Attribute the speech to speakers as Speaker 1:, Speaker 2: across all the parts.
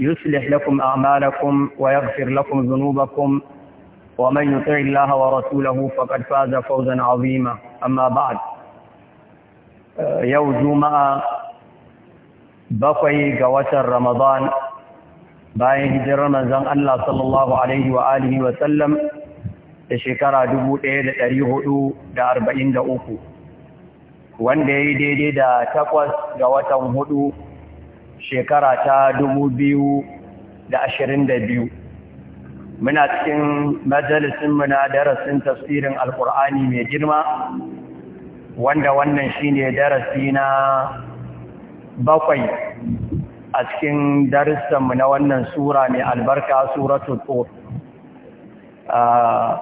Speaker 1: يصلح لكم أعمالكم ويغفر لكم ذنوبكم ومن يطع الله ورسوله فقد فاز فوزا عظيما أما بعد يوم جمعة بقي قوات رمضان bayan hijirar manzon Allah sallallahu alaihi wa alihi wa sallam da shekara 1443 wanda yayi daidai da takwas ga watan huɗu. shekara ta biyu. muna cikin majalisinmu na darasin tafsirin alkur'ani mai girma wanda wannan shine darasi na bakwai a cikin darussanmu na wannan sura mai albarka suratul tur ah,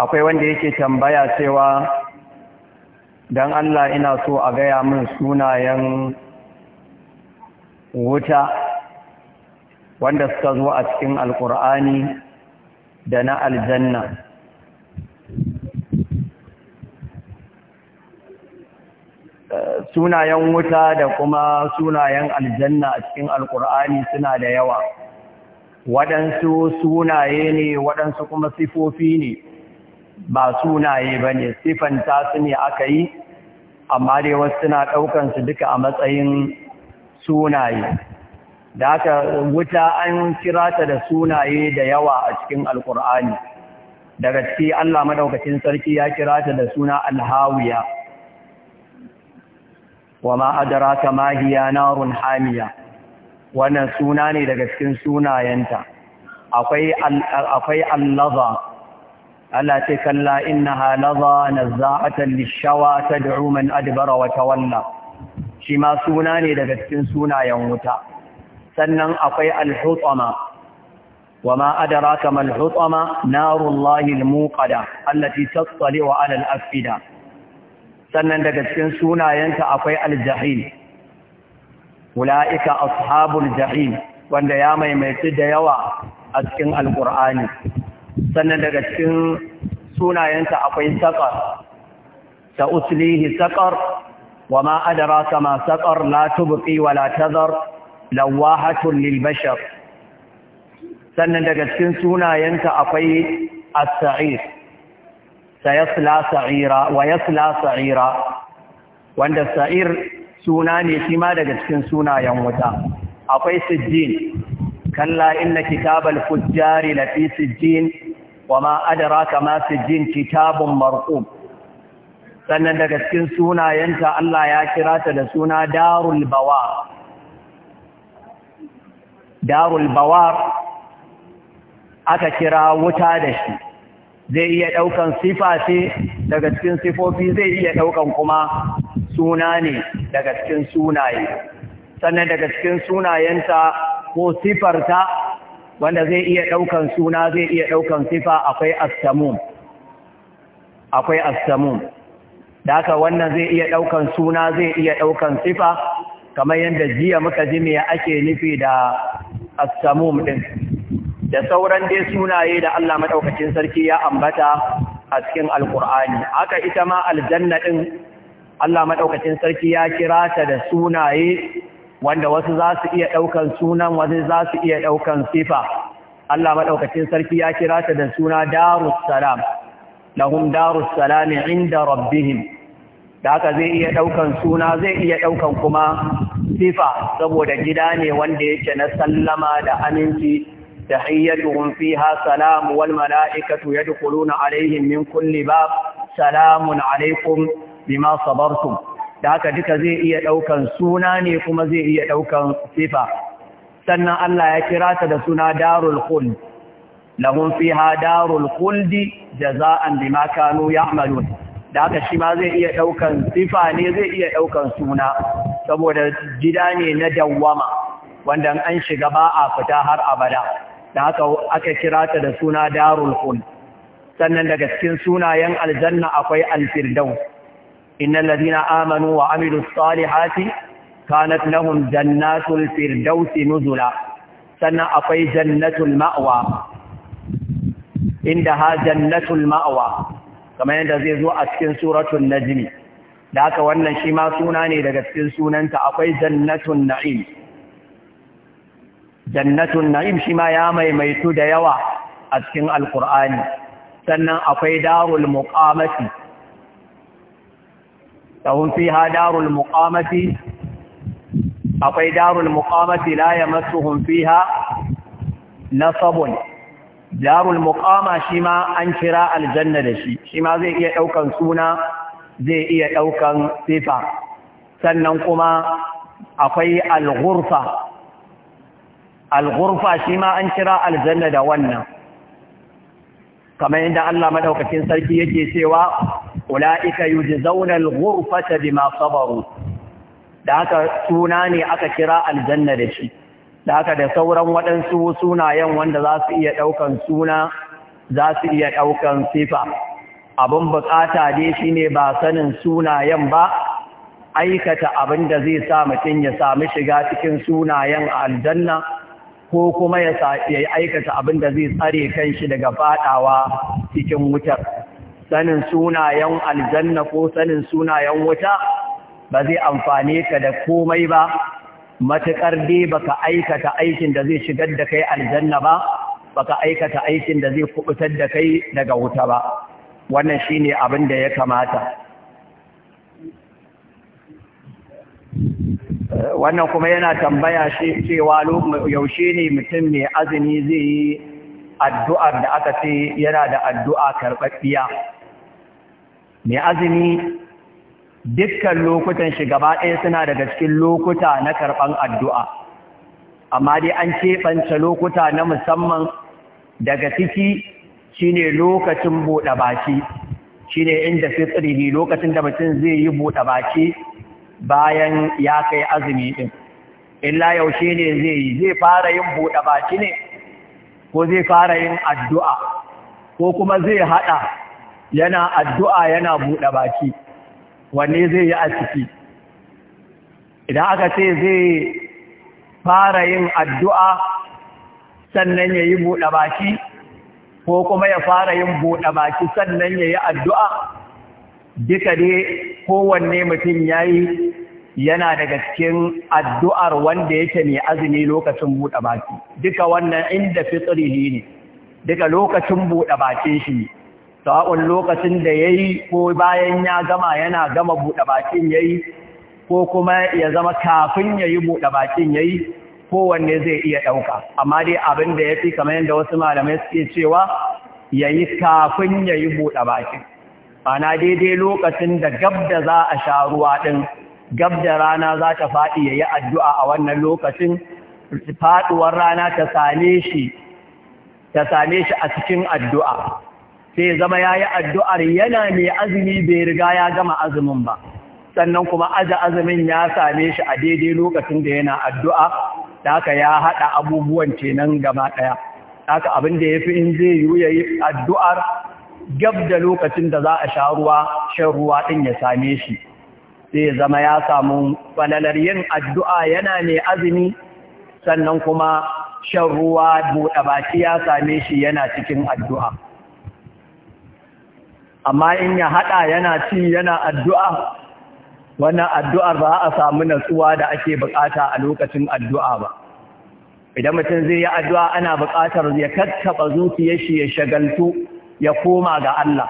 Speaker 1: akwai wanda yake tambaya cewa don Allah ina so a gaya min sunayen wuta wanda suka zo a cikin alkur'ani da na aljanna sunayen wuta da kuma sunayen aljanna a cikin alkur'ani suna da yawa waɗansu sunaye ne waɗansu kuma sifofi ne ba sunaye ba ne sifanta su ne aka yi amma dai wasu suna ɗaukansu duka a matsayin sunaye da wuta an kira ta da sunaye da yawa a cikin alkur'ani daga ci Allah madaukakin sarki ya kira ta da suna alhawiya wa ma adraka mahiya hiya narun wannan suna ne daga cikin sunayenta akwai akwai allaza Allah ce kalla innaha laza nazza'atan lishawa ta man adbara wata walla. shi ma suna ne daga cikin sunayen wuta sannan akwai al-hutama wama adraka mal hutama narullahi al-muqada allati tattali'u 'ala al-afida sannan daga cikin sunayenta akwai al-jahil ulaika ashabul jahil wanda ya maimaitu da yawa a Alƙur'ani. sannan daga cikin sunayenta akwai saƙar ta uslihi saƙar wa ma adraka ma saƙar la tubqi wa la tazar lawahatun lil sannan daga cikin sunayenta akwai as-sa'ir sayasla sa'ira wa yasla sa'ira wanda sa'ir suna ne shi ma daga cikin sunayen wuta akwai sijjin kalla inna kitabal fujjari lafi sijjin wama adraka ma sijjin kitabun marqum sannan daga cikin sunayenta Allah ya kira ta da suna darul bawar darul bawar aka kira wuta da shi zai iya daukan sifa ce daga cikin sifofi zai iya daukan kuma suna ne daga cikin sunaye sannan daga cikin sunayenta ko sifarta wanda zai iya ɗaukan suna zai iya ɗaukan sifa akwai astamun akwai astamun da haka wannan zai iya ɗaukan suna zai iya ɗaukan sifa kamar yadda jiya muka ji me ake nufi da astamun ɗin da sauran dai sunaye da Allah maɗaukacin sarki ya ambata a cikin alkur'ani haka ita ma aljanna ɗin Allah maɗaukacin sarki ya kira ta da sunaye wanda wasu za su iya ɗaukan sunan wasu za su iya ɗaukan sifa Allah maɗaukacin sarki ya kira ta da suna darussalam lahum inda rabbihim da haka zai iya ɗaukan suna zai iya ɗaukan kuma sifa saboda gida ne wanda yake na sallama da aminci da hayyatuhum fiha salam wal mala'ikatu yadkhuluna alaihim min kulli bab salamun alaikum bima sabartum da haka duka zai iya ɗaukan suna ne kuma zai iya ɗaukan sifa sannan Allah ya kira ta da suna darul khuld lahum fiha darul khuld jaza'an bima kanu ya'malun da haka shi ma zai iya ɗaukan sifa ne zai iya ɗaukan suna saboda gida ne na dawwama wanda an shiga ba a fita har abada da haka aka kira ta da suna darul khuld sannan daga cikin sunayen aljanna akwai alfirdaus إن الذين آمنوا وعملوا الصالحات كانت لهم جنات الفردوس نزلا سنة أقي جنة المأوى عندها جنة المأوى كما يندزيزو أسكن سورة النجم لك وأن شما سوناني لكسكن سونان تأقي جنة النعيم جنة النعيم شما يامي ميتود يوى أسكن القرآن سنة أقي دار المقامة لهم فيها دار المقامة أقي دار المقامة لا يمسهم فيها نصب دار المقامة شما أنشراء الجنة لشي شما زي إيا أوكا سونا زي إيا أوكا سفا سننكما أقي الغرفة الغرفة شما أنشراء الجنة دوانا kamar yadda Allah madaukakin sarki yake cewa ulaika yujzauna al-ghurfata bima sabaru da haka suna ne aka kira aljanna da shi da haka da sauran waɗansu sunayen wanda za su iya ɗaukan suna za su iya ɗaukan sifa abin bukata dai shine ba sanin sunayen ba aikata abin da zai sa mutum ya sami shiga cikin sunayen aljanna ko kuma ya aikata abin da zai tsare kanshi daga fadawa cikin wutar sanin sunayen aljanna ko sanin sunayen wuta ba zai amfane ka da komai ba matuƙar dai baka aikata aikin da zai shigar da kai aljanna ba baka aikata aikin da zai kubutar da kai daga wuta ba wannan shine abin da ya kamata wannan kuma yana tambaya cewa yaushe ne mutum mai azumi zai yi addu'ar da aka ce yana da addu'a karɓaɓɓiya mai azumi dukkan lokutan shi gaba ɗaya suna daga cikin lokuta na karɓan addu'a amma dai an keɓance lokuta na musamman daga ciki shine lokacin buɗe baki shine inda fitsiri lokacin da mutum zai yi buɗe baki bayan ya kai azumi ɗin illa yaushe ne zai yi zai fara yin buɗe baki ne ko zai fara yin addu'a ko kuma zai haɗa yana addu'a yana buɗe baki wanne zai yi a ciki idan aka ce zai fara yin addu'a sannan ya yi buɗe baki ko kuma ya fara yin buɗe baki sannan ya yi addu'a duka dai kowanne mutum ya yi yana daga cikin addu'ar wanda yake mai azumi lokacin buɗe baki duka wannan inda fitsirihi ne duka lokacin buɗe bakin shi sa'un lokacin da ya yi ko bayan ya gama yana gama buɗe bakin ya yi ko kuma ya zama kafin ya yi buɗe bakin ya yi kowanne zai iya ɗauka amma dai abin da ya fi kamar yadda wasu malamai suke cewa ya yi kafin ya yi buɗe bakin ana daidai lokacin da gab da za a sha ruwa ɗin gab da rana za ta faɗi ya yi addu'a a wannan lokacin faɗuwar rana ta same shi ta same shi a cikin addu'a sai zama ya yi addu'ar yana mai azumi bai riga ya gama azumin ba sannan kuma aji azumin ya same shi a daidai lokacin da yana addu'a da haka ya haɗa abubuwan kenan gaba ɗaya haka abin da ya fi in zai ya yi addu'ar gab da lokacin da za a sha ruwa shan ruwa ɗin ya same shi sai ya zama ya samu falalar yin addu'a yana mai azumi sannan kuma shan ruwa buɗe baki ya same shi yana cikin addu'a amma in ya haɗa yana ci yana addu'a wannan addu'ar ba a samu natsuwa da ake buƙata a lokacin addu'a ba idan mutum zai yi addu'a ana buƙatar ya tattaɓa zuciyar shi ya shagaltu ya koma ga Allah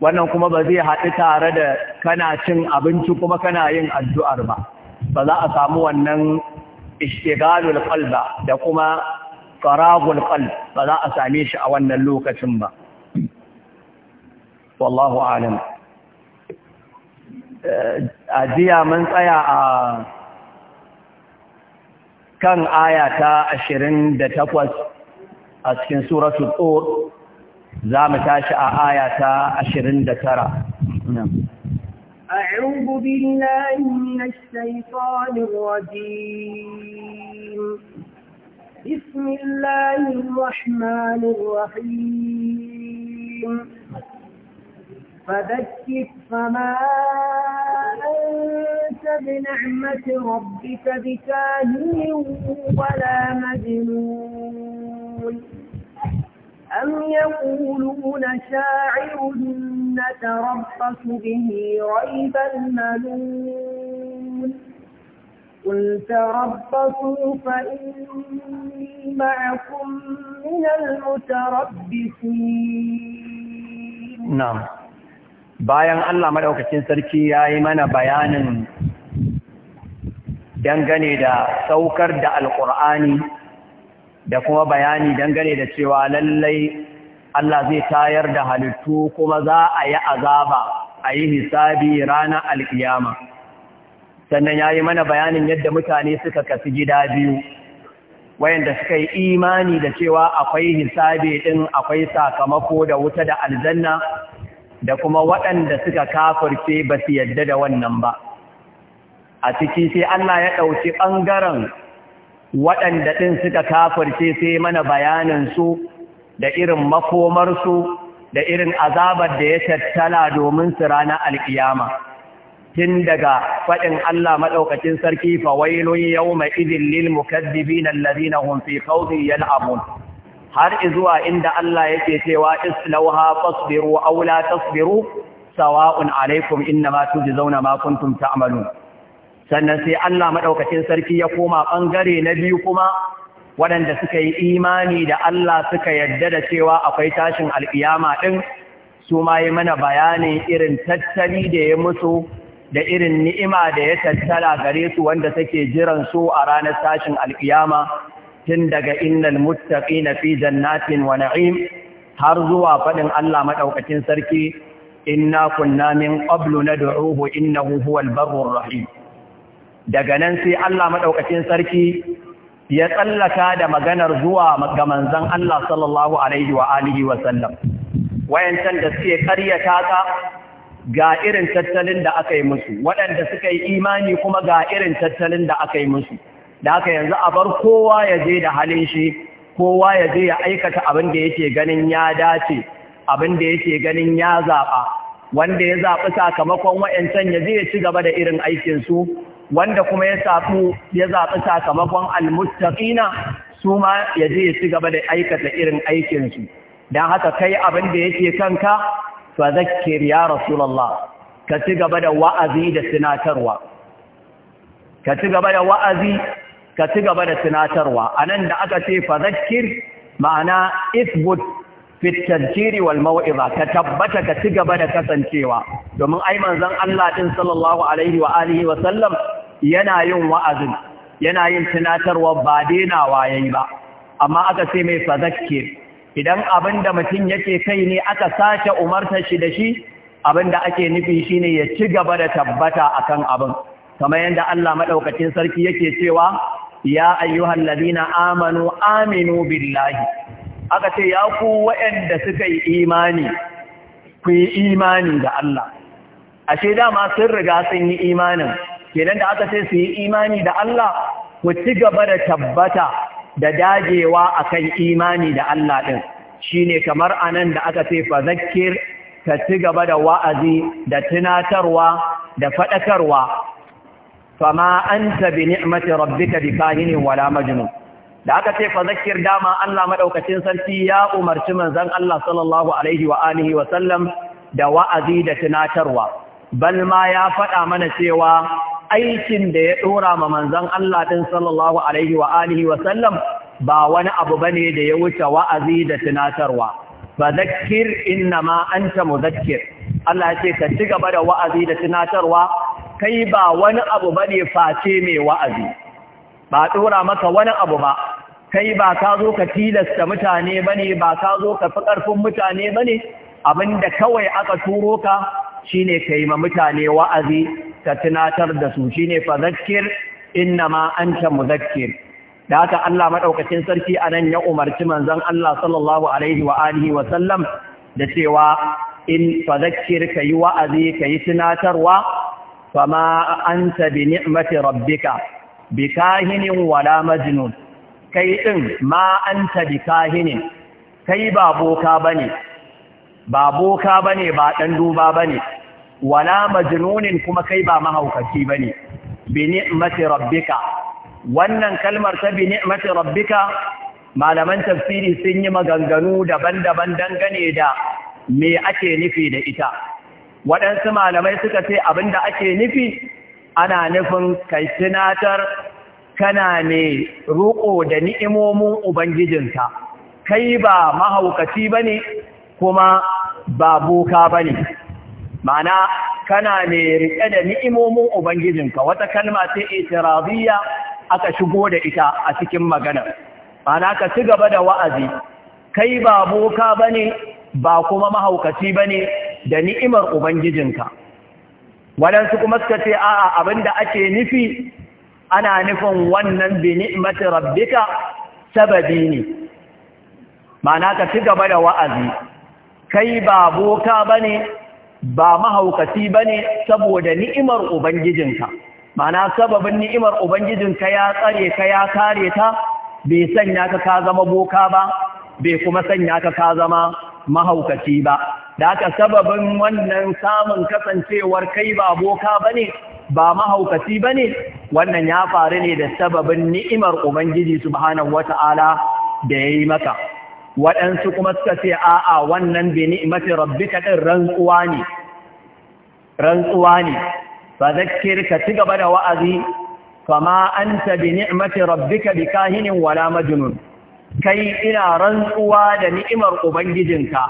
Speaker 1: wannan kuma ba zai haɗu tare da kana cin abinci kuma kana yin addu'ar ba ba za a samu wannan ishtigalul qalba da kuma faragul kal ba za a same shi a wannan lokacin ba wallahu alam eh, a jiya mun tsaya a kan ayata ashirin da 28 a cikin suratul tur زام تاشا آية a دكرا
Speaker 2: أعوذ بالله من الشيطان الرجيم بسم الله الرحمن الرحيم فذكر فما أنت بنعمة ربك بكاهن ولا مجنون أم يقولون شاعر نتربص به ريب المنون قل تربصوا فإني معكم من المتربصين
Speaker 1: نعم bayan Allah madaukakin sarki ya yi mana bayanin dangane da saukar da Alƙur'ani. da kuma bayani dangane da cewa lallai Allah zai tayar da halittu kuma za a yi azaba a yi hisabi rana alkiyama sannan ya yi mana bayanin yadda mutane suka kasu gida biyu wayanda suka yi imani da cewa akwai hisabi ɗin akwai sakamako da wuta da aljanna da kuma waɗanda suka kafirce ba su yadda da wannan ba a ciki sai Allah ya ɗauki ɓangaren waɗanda ɗin suka kafirce sai mana bayanansu da irin makomarsu da irin azabar da ya tattala domin su ranar alkiyama tun daga faɗin Allah maɗaukacin sarki fawailun yau mai izin lil mukaddibi na lalazina hunfi kautin yal'amun har izuwa inda Allah yake cewa islauha tasbiru aula tasbiru sawa'un alaikum innama zauna ma kuntum ta'malun sannan sai Allah maɗaukacin sarki ya koma ɓangare na biyu kuma waɗanda suka yi imani da Allah suka yarda da cewa akwai tashin al'iyama ɗin su ma yi mana bayanin irin tattali da ya musu da irin ni'ima da ya tattala gare su wanda take jiran su a ranar tashin al'iyama, tun daga innal muttaqina fi jannatin wa na'im har zuwa faɗin Allah maɗaukacin sarki inna kunna min qablu nad'uhu innahu huwal barrur rahim daga nan sai Allah maɗaukacin sarki ya tsallaka da maganar zuwa ga manzan Allah sallallahu Alaihi wa alihi wasallam, wayancan da suke ƙaryata ka ga irin tattalin da aka yi musu, waɗanda suka yi imani kuma ga irin tattalin da aka yi musu, da aka yanzu a bar kowa ya je da halin shi, kowa ya je ya aikata abin da yake ganin ya dace, abin da yake ganin ya zaɓa, wanda ya zaɓi sakamakon wayancan ya je ya ci gaba da irin aikinsu wanda kuma ya sabu ya zaɓi sakamakon almustaƙina, su ma ya je ya ci gaba da aikata irin aikinsu don haka kai abin da yake kanka fa zakkir ya rasulallah, ka ci gaba da wa'azi da sinatarwa ka ci gaba da wa'azi ka ci gaba da sinatarwa anan da aka ce fa zakkir ma'ana isbut fitanciri wal mau'iza ka tabbata ka ci gaba da kasancewa domin ai manzon Allah din sallallahu alaihi wa alihi wa sallam yana yin wa'azin yana yin tunatarwa ba daina yayi ba amma aka ce mai fazakke idan abinda mutum yake kai ne aka sace umarta shi da shi abinda ake nufi shine ya ci gaba da tabbata akan abin kamar yadda Allah madaukakin sarki yake cewa ya ayyuhal ladina amanu aminu billahi aka ce ya ku waɗanda suka yi imani ku yi imani da Allah ashe dama sun riga sun yi imanin kenan da aka ce su yi imani da Allah ku ci gaba da tabbata da dajewa akan imani da Allah Shi shine kamar nan da aka ce fa ka ci gaba da wa'azi da tunatarwa da fadakarwa fama anta bi ni'mati rabbika bi kahinin wala majnun da aka ce fazakir dama Allah maɗaukacin sarki ya umarci manzon Allah sallallahu alaihi wa alihi da wa'azi da tunatarwa Balma ya faɗa mana cewa aikin da ya ɗora ma manzon Allah ɗin sallallahu alaihi wa alihi ba wani abu ne da ya wuce wa'azi da tunatarwa fazakir innama anta muzakkir Allah ya ce ka ci gaba da wa'azi da tunatarwa kai ba wani abu bane face mai wa'azi ba ɗora maka wani abu ba kai ba ka zo ka tilasta mutane ba ne ba ka zo ka fi ƙarfin mutane ba ne abinda kawai aka turo ka shine ka yi ma mutane wa'azi ka tunatar da su shine fa an can mu muzakkir da haka Allah maɗaukacin sarki anan ya umarci manzon Allah sallallahu alaihi wa alihi wa sallam da cewa in fadhakkir kayi wa'azi kayi tunatarwa fama anta bi ni'mati rabbika Bikahinin wala majnun kai din ma anta bi kai ba boka bane ba boka bane ba dan duba bane wala majnunin kuma kai ba mahaukaci bane bi ni'mati rabbika wannan kalmar ta bi ni'mati rabbika malaman tafsiri sun yi maganganu daban-daban dangane da me ake nufi da ita waɗansu malamai suka ce abinda ake nufi ana nufin kai tunatar kana ne roƙo da ni'imomin ubangijinka kai ba mahaukaci bane kuma ba boka bane mana kana ne riƙe da ni'imomin ubangijinka wata kalma ce itiradiyya aka shigo da ita a cikin magana ma'ana ka ci gaba da wa'azi kai ba boka bane ba kuma mahaukaci bane da ni'imar ubangijinka waɗansu kuma suka ce a'a da ake nufi ana nufin wannan bi ni'mati rabbika sababi ne ma'ana ka ci gaba da wa'azi kai ba boka bane ba mahaukaci bane saboda ni'imar ubangijinka ma'ana sababin ni'imar ubangijinka ya tsare ka ya kare ta bai sanya ka ka zama boka ba bai kuma sanya ka ka zama mahaukaci ba da haka sababin wannan samun kasancewar kai ba boka ba ne, ba mahaukaci ba ne, wannan ya faru ne da sababin ni'imar ubangiji subhanahu wata'ala da ya yi maka waɗansu kuma suka ce a'a wannan bi ni'imati rabbika din rantsuwa ne rantsuwa ne fa zakkir ka ci gaba da wa'azi fama anta bi ka rabbika kahinin wala majnun kai ina rantsuwa da ni'imar ubangijinka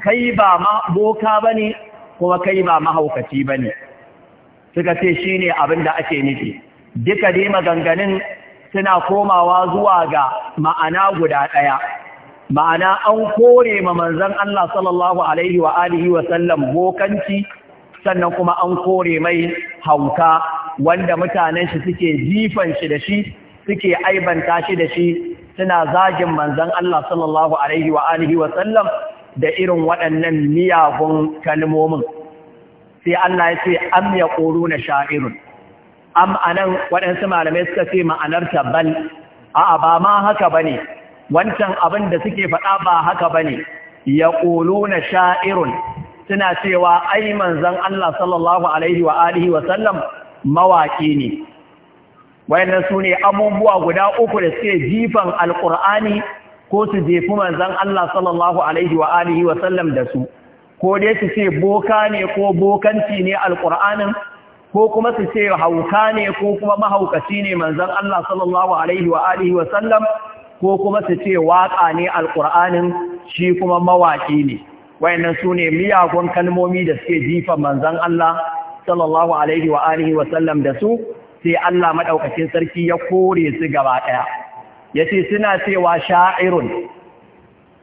Speaker 1: kai ba boka bane kuma kai ba mahaukaci bane suka ce shine abin da ake nufi duka dai maganganun suna komawa zuwa ga ma'ana guda ɗaya ma'ana an kore ma manzon Allah sallallahu alaihi wa alihi wa sallam bokanci sannan kuma an kore mai hauka wanda mutanen shi suke jifan shi da shi suke aibanta shi da shi suna zagin manzan Allah sallallahu alaihi wa alihi da irin waɗannan miyagun kalmomin sai Allah ya ce am ya na sha'irun am anan waɗansu malamai suka ce ma'anarta bal a'a ba ma haka ba ne. wancan abin da suke faɗa ba haka ba ne. ya na sha'irun suna cewa ai manzan Allah sallallahu alaihi wa alihi wa mawaki ne wayannan su ne abubuwa guda uku da suke jifan Alkur'ani, ko su jefi manzan Allah sallallahu alaihi wa alihi wa da su ko dai su ce boka ne ko bokanci ne Alkur'anin, ko kuma su ce hauka ne ko kuma mahaukaci ne manzan Allah sallallahu alaihi wa alihi wa ko kuma su ce waka ne Alkur'anin shi kuma mawaƙi ne wayannan su ne miyagun kalmomi da suke jifan manzan Allah sallallahu alaihi wa alihi wa da su sai Allah maɗaukacin sarki ya kore su gaba ɗaya ya ce suna cewa sha'irun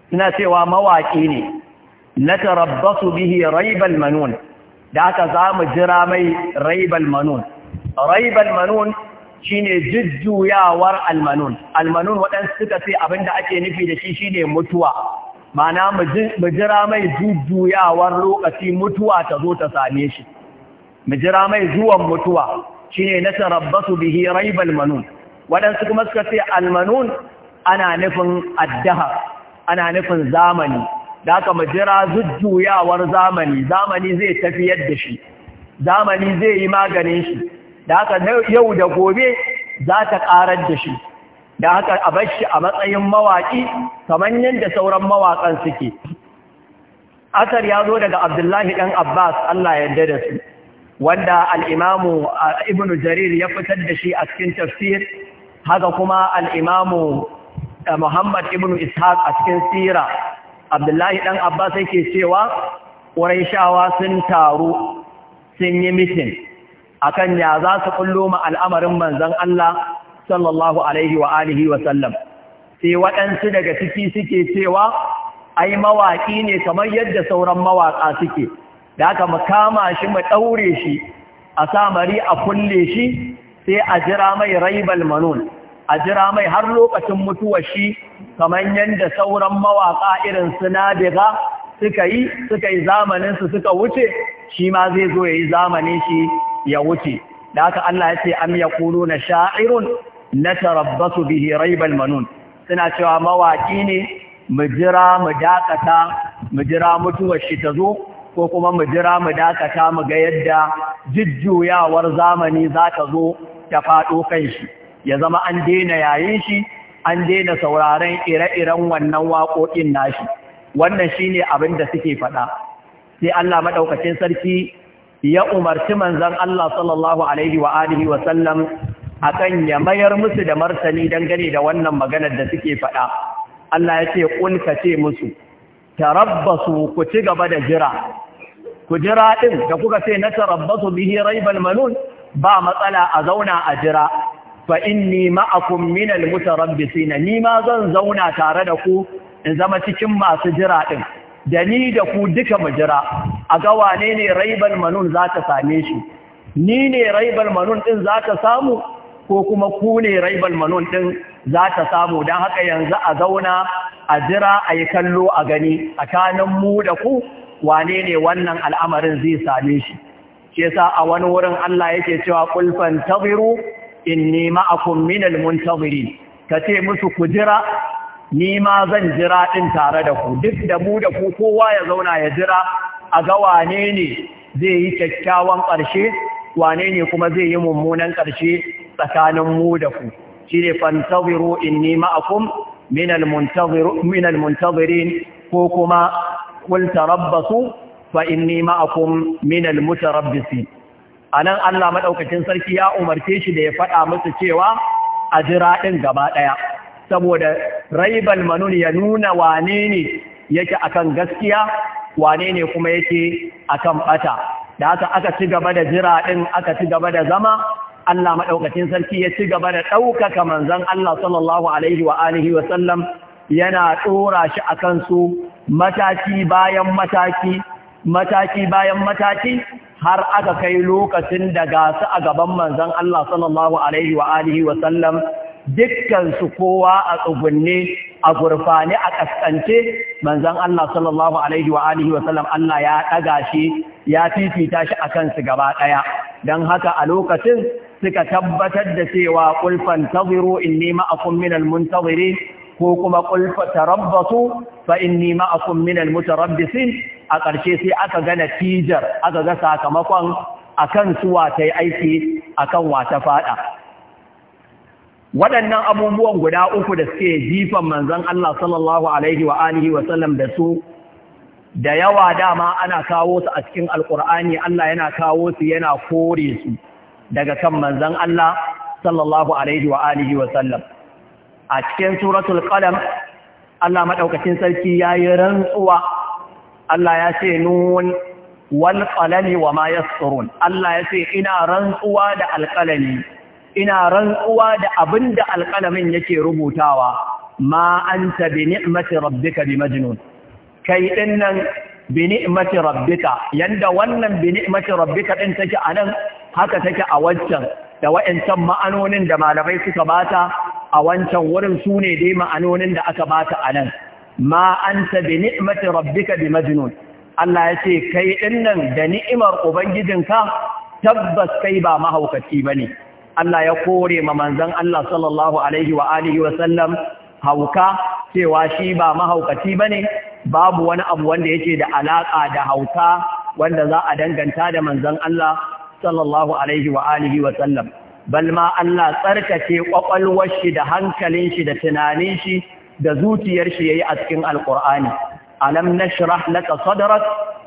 Speaker 1: suna cewa mawaƙi ne na tarabbasu bihi raibal manun da aka za mu jira mai raibal manun raibal manun shi ne jujjuyawar almanun almanun waɗansu suka abin da ake nufi da shi shine ne mutuwa mana mu jira mai jujjuyawar lokaci mutuwa ta zo ta same shi mu jira mai zuwan mutuwa Shi ne shine natarabbasu bihi raibal manun waɗansu kuma suka ce almanun ana nufin addaha ana nufin zamani da aka majira zujjuyawar zamani zamani zai tafi yadda shi zamani zai yi maganin shi da aka yau da gobe za ta ƙarar da shi da haka a shi a matsayin mawaƙi kamar yadda sauran mawaƙan suke asar ya zo daga abdullahi ɗan abbas allah yarda da su wanda al'imamu uh, ibn jarir ya fitar da shi a cikin tafsir haka kuma al'imamu uh, muhammad ibn ishaq a cikin sira abdullahi ɗan abbas yake cewa shawa sun taru sun yi mitin A kan ya za su ƙullo ma al'amarin manzan Allah sallallahu alaihi wa alihi wa sallam sai waɗansu daga ciki suke cewa ai mawaƙi ne kamar yadda sauran mawaƙa suke da aka mu kama shi mu ɗaure shi a samari a kulle shi sai a jira mai raibal manon a jira mai har lokacin mutuwar shi kamar yadda sauran mawaƙa irin suna daga suka yi suka yi zamaninsu suka wuce shi ma zai zo ya yi zamanin shi ya wuce da aka Allah ya ce am yaqulu na sha'irun tarabbasu bihi raibal manun suna cewa mawaƙi ne mu jira mu dakata mu jira mutuwar shi ta zo ko kuma mu jira mu dakata mu ga yadda jujjuyawar zamani za ta zo ta faɗo kan shi ya zama an daina yayin shi an daina sauraron ire-iren wannan waƙoƙin nashi wannan shine abin da suke faɗa sai Allah maɗaukacin sarki ya umarci manzon Allah sallallahu alaihi wa alihi wa sallam akan ya mayar musu da martani dangane da wannan maganar da suke faɗa Allah ya ce ƙulka ce musu tarabbasu ku ci gaba da jira ku jira din da kuka ce na tarabbasu bihi raibal manun ba matsala a zauna a jira fa inni ma'akum minal mutarabbisin ni ma zan zauna tare da ku in zama cikin masu jira din da ni da ku duka mu jira a ga wane ne raibal manun za ta same shi ni ne raibal manun din za ta samu ko kuma ku ne raibal manun din za ta samu don haka yanzu a zauna a jira a yi kallo a gani a tsakanin mu da ku wane ne wannan al'amarin zai same shi Ke sa a wani wurin Allah yake cewa ƙulfan in nema a kumminal mun minal Ka ce musu ku jira ni zan jira ɗin tare da ku duk da mu da ku kowa ya zauna ya jira a ga wane ne zai yi kyakkyawan ƙarshe wane ne kuma zai yi mummunan ƙarshe tsakanin mu da ku Shi ne in nema a kum min al ko kuma qul tarabbasu fa inni ma'akum min al-mutarabbisi anan Allah maɗaukacin sarki ya umarce shi da ya faɗa musu cewa a jira ɗin gaba ɗaya. saboda raibal manun ya nuna wane ne yake akan gaskiya wane ne kuma yake akan ɓata. da haka aka ci gaba da jira ɗin, aka ci gaba da zama Allah maɗaukacin sarki ya ci gaba da ɗaukaka manzan Allah sallallahu Alaihi wa alihi yana ɗora shi a kansu mataki bayan mataki, mataki bayan mataki har aka kai lokacin da gasu a gaban manzan Allah sallallahu Alaihi wa alihi dukkansu kowa a tsugunne a gurfane a ƙasƙance manzan Allah sallallahu Alaihi wa alihi Allah ya ɗaga shi ya fifita shi a kansu gaba ɗaya. Don haka a lokacin suka tabbatar da cewa qul fantaziru inni ma'akum minal muntazirin ko kuma qul fatarabbasu fa inni ma'akum minal mutarabbisin a ƙarshe sai aka ga tijar, aka ga sakamakon akan su yi aiki akan wata fada waɗannan abubuwan guda uku da suke jifan manzon Allah sallallahu alaihi wa alihi wa sallam da su da yawa dama ana kawo su a cikin alkur'ani Allah yana kawo su yana kore su daga kan manzan Allah sallallahu alaihi wa alihi a cikin suratul qalam Allah maɗaukacin sarki yayi rantsuwa Allah ya ce nun wal wa ma yasturun Allah ya ce ina rantsuwa da alƙalami, ina rantsuwa da abinda alqalamin yake rubutawa ma anta bi ni'mati rabbika bi majnun kai dinnan bi ni'mati rabbika yanda wannan bi ni'mati rabbika din take nan. haka take a wancan da wa'ancan ma'anonin da malamai suka bata a wancan wurin su ne dai ma'anonin da aka bata a nan ma anta bi ni'mati rabbika bi majnun Allah ya ce kai dinnan da ni'imar ubangijinka tabbas kai ba mahaukaci bane Allah ya kore ma manzon Allah sallallahu alaihi wa alihi wa sallam hauka cewa shi ba mahaukaci bane babu wani abu wanda yake da alaka da hauka wanda za a danganta da manzon Allah sallallahu alaihi wa alihi wa sallam bal ma Allah tsarkake kwakwalwar shi da hankalin shi da tunanin shi da zuciyar shi yayi a cikin alqur'ani alam nashrah laka sadrak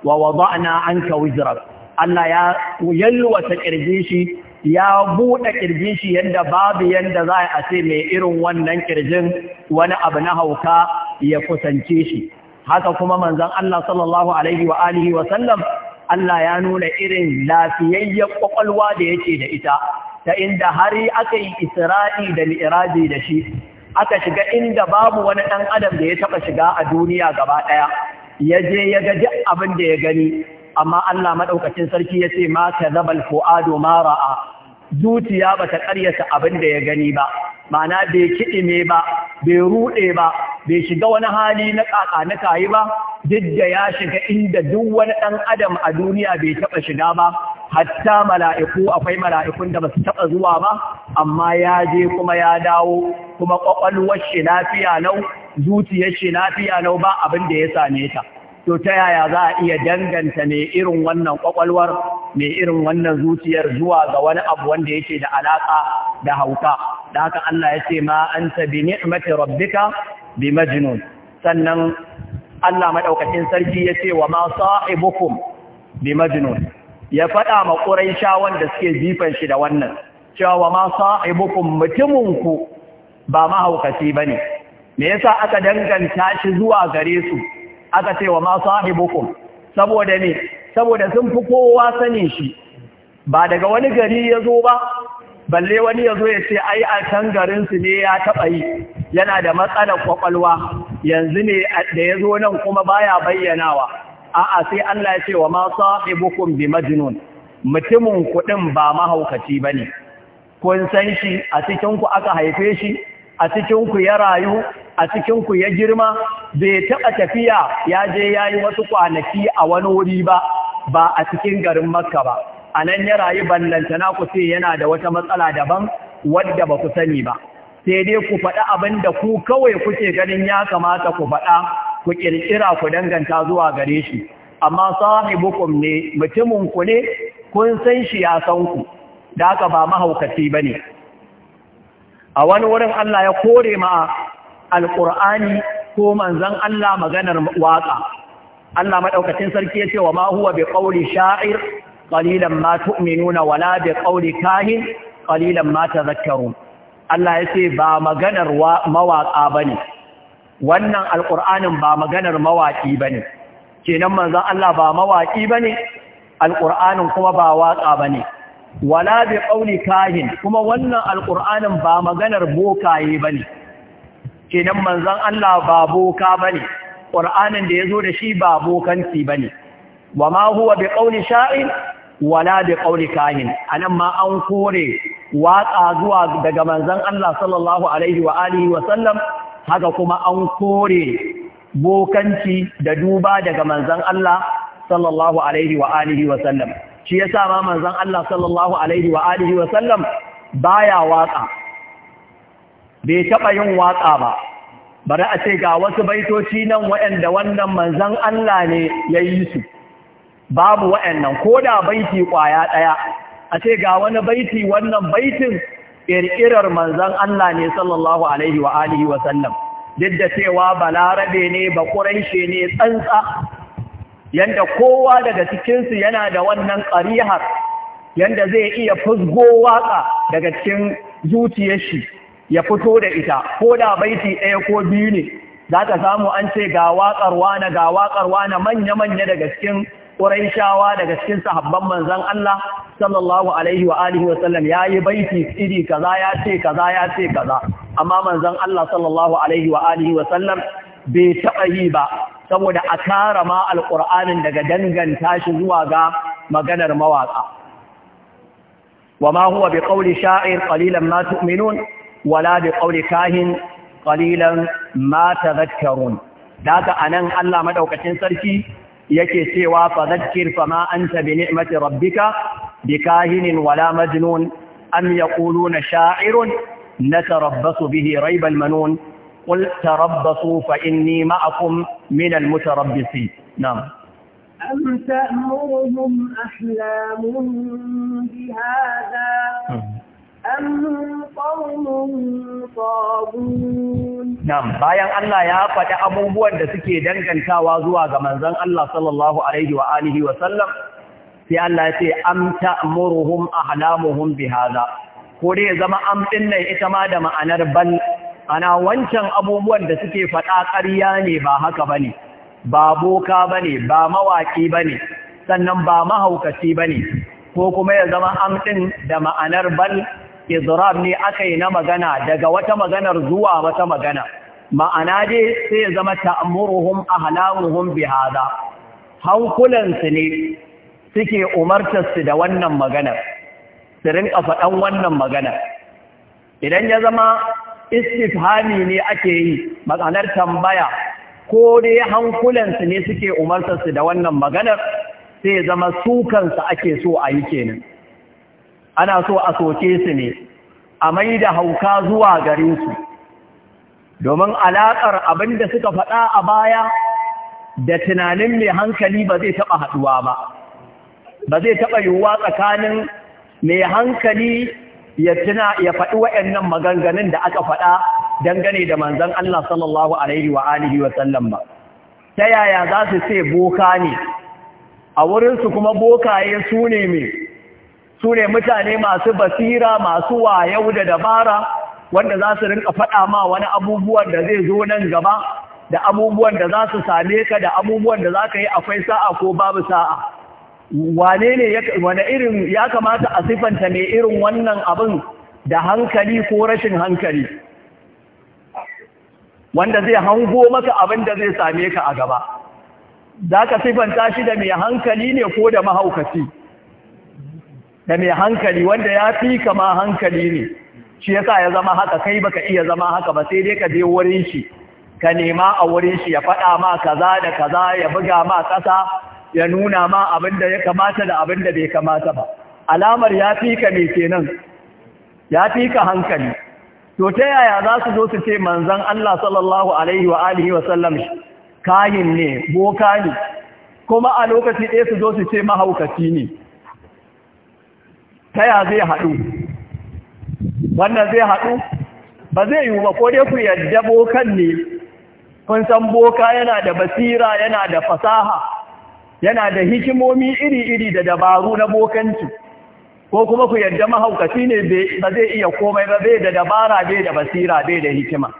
Speaker 1: wa wada'na anka wizrak Allah ya yalwata kirjin shi ya buɗe kirjin shi yadda babu yadda za a ce mai irin wannan kirjin wani abu na hauka ya kusance shi haka kuma manzon Allah sallallahu alaihi wa alihi wa sallam Allah ya nuna irin lafiyayyen kwakwalwa da yake da ita ta inda har aka yi isra'i da mi'raji da shi aka shiga inda babu wani ɗan adam da ya taɓa shiga a duniya gaba ɗaya ya je ya gaji abin da ya gani amma Allah maɗaukacin sarki ya ce ma ka zabal ado mara a zuciya ba ta ƙaryata abin da ya gani ba ma'ana bai ne ba bai ruɗe ba bai shiga wani hali na ƙaƙa na kayi ba duk da ya shiga inda duk wani ɗan adam a duniya bai taɓa shiga ba hatta mala'iku akwai mala'ikun da ba su taɓa zuwa ba amma ya je kuma ya dawo kuma ƙwaƙwalwar shi lafiya nau zuciyar shi lafiya nau ba abin da ya same ta to ta yaya za a iya danganta mai irin wannan ƙwaƙwalwar mai irin wannan zuciyar zuwa ga wani abu wanda yake da alaƙa da hauka da haka Allah ya ce ma anta bi ni'mati rabbika bi majnun sannan Allah madaukakin sarki ya ce wa ma sahibukum bi majnun ya faɗa ma quraisha wanda suke jifan shi da wannan cewa wa ma sahibukum mutumunku ba mahaukaci bane me yasa aka danganta shi zuwa gare su aka ce wa ma sahibukum saboda ne saboda sun fi kowa sani shi ba daga wani gari ya zo ba balle wani ya zo ya ce ai a can garinsu ne ya taɓa yi yana da matsalar kwakwalwa yanzu ne da ya zo nan kuma baya bayyanawa a'a sai Allah ya ce wa ma sahibukum bi majnun mutumin kuɗin ba mahaukaci bane kun san shi a cikinku aka haife shi a cikinku ya rayu a cikinku ya girma bai taɓa tafiya ya je yayi wasu kwanaki a wani wuri ba ba a cikin garin Makka ba a nan ya rayu na ku ce yana da wata matsala daban wadda ba ku sani ba sai dai ku faɗi abin da ku kawai kuke ganin ya kamata ku faɗa ku ƙirƙira ku danganta zuwa gare shi amma sahibukum ne mutumin ku ne kun san shi ya san ku da haka ba mahaukaci bane a wani wurin Allah ya kore ma Alƙur'ani ko manzon Allah maganar waƙa. Allah madaukakin sarki ya ce wa ma huwa bi qawli sha'ir qalilan ma tu'minuna wala bi qawli kahin qalilan ma tadhakkarun Allah yace ba maganar mawaka bane wannan alqur'anin ba maganar mawaki bane kenan manzon Allah ba mawaki bane alqur'anin kuma ba waka bane wala bi qawli kahin kuma wannan alqur'anin ba maganar bokaye bane kenan manzon Allah ba boka bane Qur'anin da yazo da shi ba bokanci bane wama huwa bi qawli sha'in? wala da ƙauli kahin a nan ma an kore waƙa zuwa daga manzan Allah sallallahu Alaihi wa alihi wasallam haka kuma an kore bokanci da duba daga manzan Allah sallallahu Alaihi wa alihi wasallam shi ya ma manzan Allah sallallahu Alaihi wa alihi wasallam baya waƙa bai taɓa yin waƙa ba bari a ce ga wasu baitoci nan waɗanda wannan manzan Allah ne ya yi su babu wa'annan ko da baiti ƙwaya ɗaya a ce ga wani baiti wannan baitin ƙirƙirar manzan Allah ne sallallahu alaihi wa alihi wa sallam duk da cewa balarabe ne ba ƙuraishe ne tsantsa Yadda kowa daga cikinsu yana da wannan ƙarihar yadda zai iya fusgo waka daga cikin zuciyar ya fito da ita ko da baiti ɗaya ko biyu ne za ka samu an ce ga waƙar wane ga waƙar wane manya-manya daga cikin shawa daga cikin sahabban manzon Allah sallallahu alaihi wa alihi wa yayi baiti iri kaza ya ce kaza ya ce kaza amma manzon Allah sallallahu alaihi wa alihi bai taɓa yi ba saboda a kara ma alqur'anin daga danganta shi zuwa ga maganar mawaka wama huwa biqauli sha'ir qalilan ma tu'minun wala biqauli kahin qalilan ma tadhakkarun daga anan Allah madaukakin sarki yake cewa fadhakkir fama anta bi ni'mati rabbika bikahinin wala majnun am yaquluna sha'irun natarabbasu bihi rayba al-manun qul tarabbasu fa inni ma'akum min al-mutarabbisin na'am
Speaker 2: أم تأمرهم أحلام بهذا
Speaker 1: Nam, bayan Allah ya faɗi abubuwan da suke dangantawa zuwa ga manzon Allah sallallahu alaihi wa alihi wa sallam sai Allah ya ce am ta'muruhum ahlamuhum bihaza. ko dai zama am din ita ma da ma'anar ban. ana wancan abubuwan da suke faɗa ƙarya ne ba haka ba ne. ba boka ba ne, ba mawaƙi ba ne, sannan ba mahaukaci ba ne. ko kuma ya zama am ɗin da ma'anar ban. idrab ne aka yi na magana daga wata maganar zuwa wata magana ma'ana dai sai ya zama ta'muruhum ahlamuhum bihada hankulan su ne suke umartar su da wannan maganar su rinka faɗan wannan maganar idan ya zama istifhami ne ake yi maganar tambaya ko dai hankulansu ne suke umartarsu da wannan maganar sai zama su ake so a yi kenan ana so a soke su ne a mai da hauka zuwa gare su domin alaƙar abin da suka faɗa a baya da tunanin mai hankali ba zai taɓa haɗuwa ba ba zai taɓa yiwuwa tsakanin mai hankali ya tuna ya faɗi waɗannan maganganun da aka faɗa dangane da manzon Allah sallallahu alaihi wa alihi wa sallam ba ta yaya za su ce boka ne a wurinsu kuma bokaye su ne mai su ne mutane masu basira masu wayau da dabara wanda za su rinka faɗa ma wani abubuwan da zai zo nan gaba da abubuwan da za su same ka da abubuwan da za ka yi akwai sa'a ko babu sa'a wane ne wane irin ya kamata a sifanta mai irin wannan abin da hankali ko rashin hankali wanda zai hango maka abin da zai same ka a gaba za ka sifanta shi da mai hankali ne ko da mahaukaci da mai hankali wanda ya fi kama hankali ne shi ya sa ya zama haka kai baka iya zama haka ba sai dai ka je wurin shi ka nema a wurin shi ya faɗa ma kaza da kaza ya buga ma ƙasa ya nuna ma abin da ya kamata da abin da bai kamata ba alamar ya fi ka mai kenan ya fi ka hankali to ta yaya za su zo su ce manzon Allah sallallahu alaihi wa alihi wa sallam kayin ne boka ne kuma a lokaci ɗaya su zo su ce mahaukaci ne ta zai haɗu wannan zai haɗu ba zai yiwu ba ko dai ku yadda bokan ne kun san boka yana da basira yana da fasaha yana da hikimomi iri-iri da dabaru na bokanci ko kuma ku yadda mahaukaci ne ba zai iya komai ba bai da dabara bai da basira bai da hikima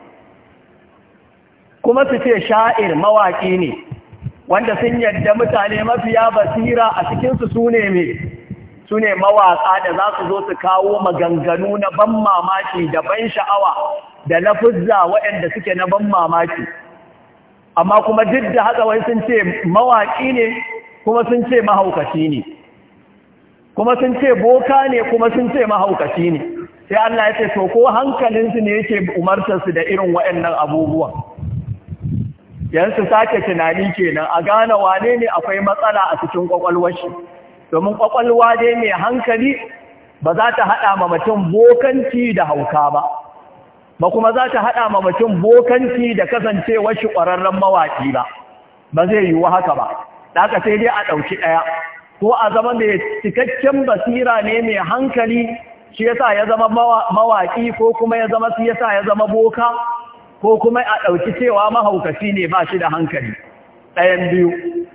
Speaker 1: kuma su ce sha'ir mawaƙi ne wanda sun yadda mutane mafiya basira a cikinsu su ne mai su ne mawaƙa da za su zo su kawo maganganu na ban mamaki da ban sha'awa da na fuzza waɗanda suke na ban mamaki amma kuma duk da haka wai sun ce mawaƙi ne kuma sun ce mahaukaci ne kuma sun ce boka ne kuma sun ce mahaukaci ne sai Allah ya ce to ko hankalinsu ne yake umartarsu da irin waɗannan abubuwan yansu sake tunani kenan a gane wane ne akwai matsala a cikin ƙwaƙwalwashi. shi domin kwakwalwa dai mai hankali ba za ta haɗa ma mutum bokanci da hauka ba ba kuma za ta haɗa ma mutum bokanci da kasancewar shi ƙwararren mawaƙi ba ba zai yi wa haka ba ɗaka sai dai a ɗauki ɗaya ko a zama mai cikakken basira ne mai hankali shi yasa ya zama mawaƙi ko kuma ya zama siyasa ya zama boka ko kuma a ɗauki cewa mahaukaci ne ba shi da hankali ɗayan biyu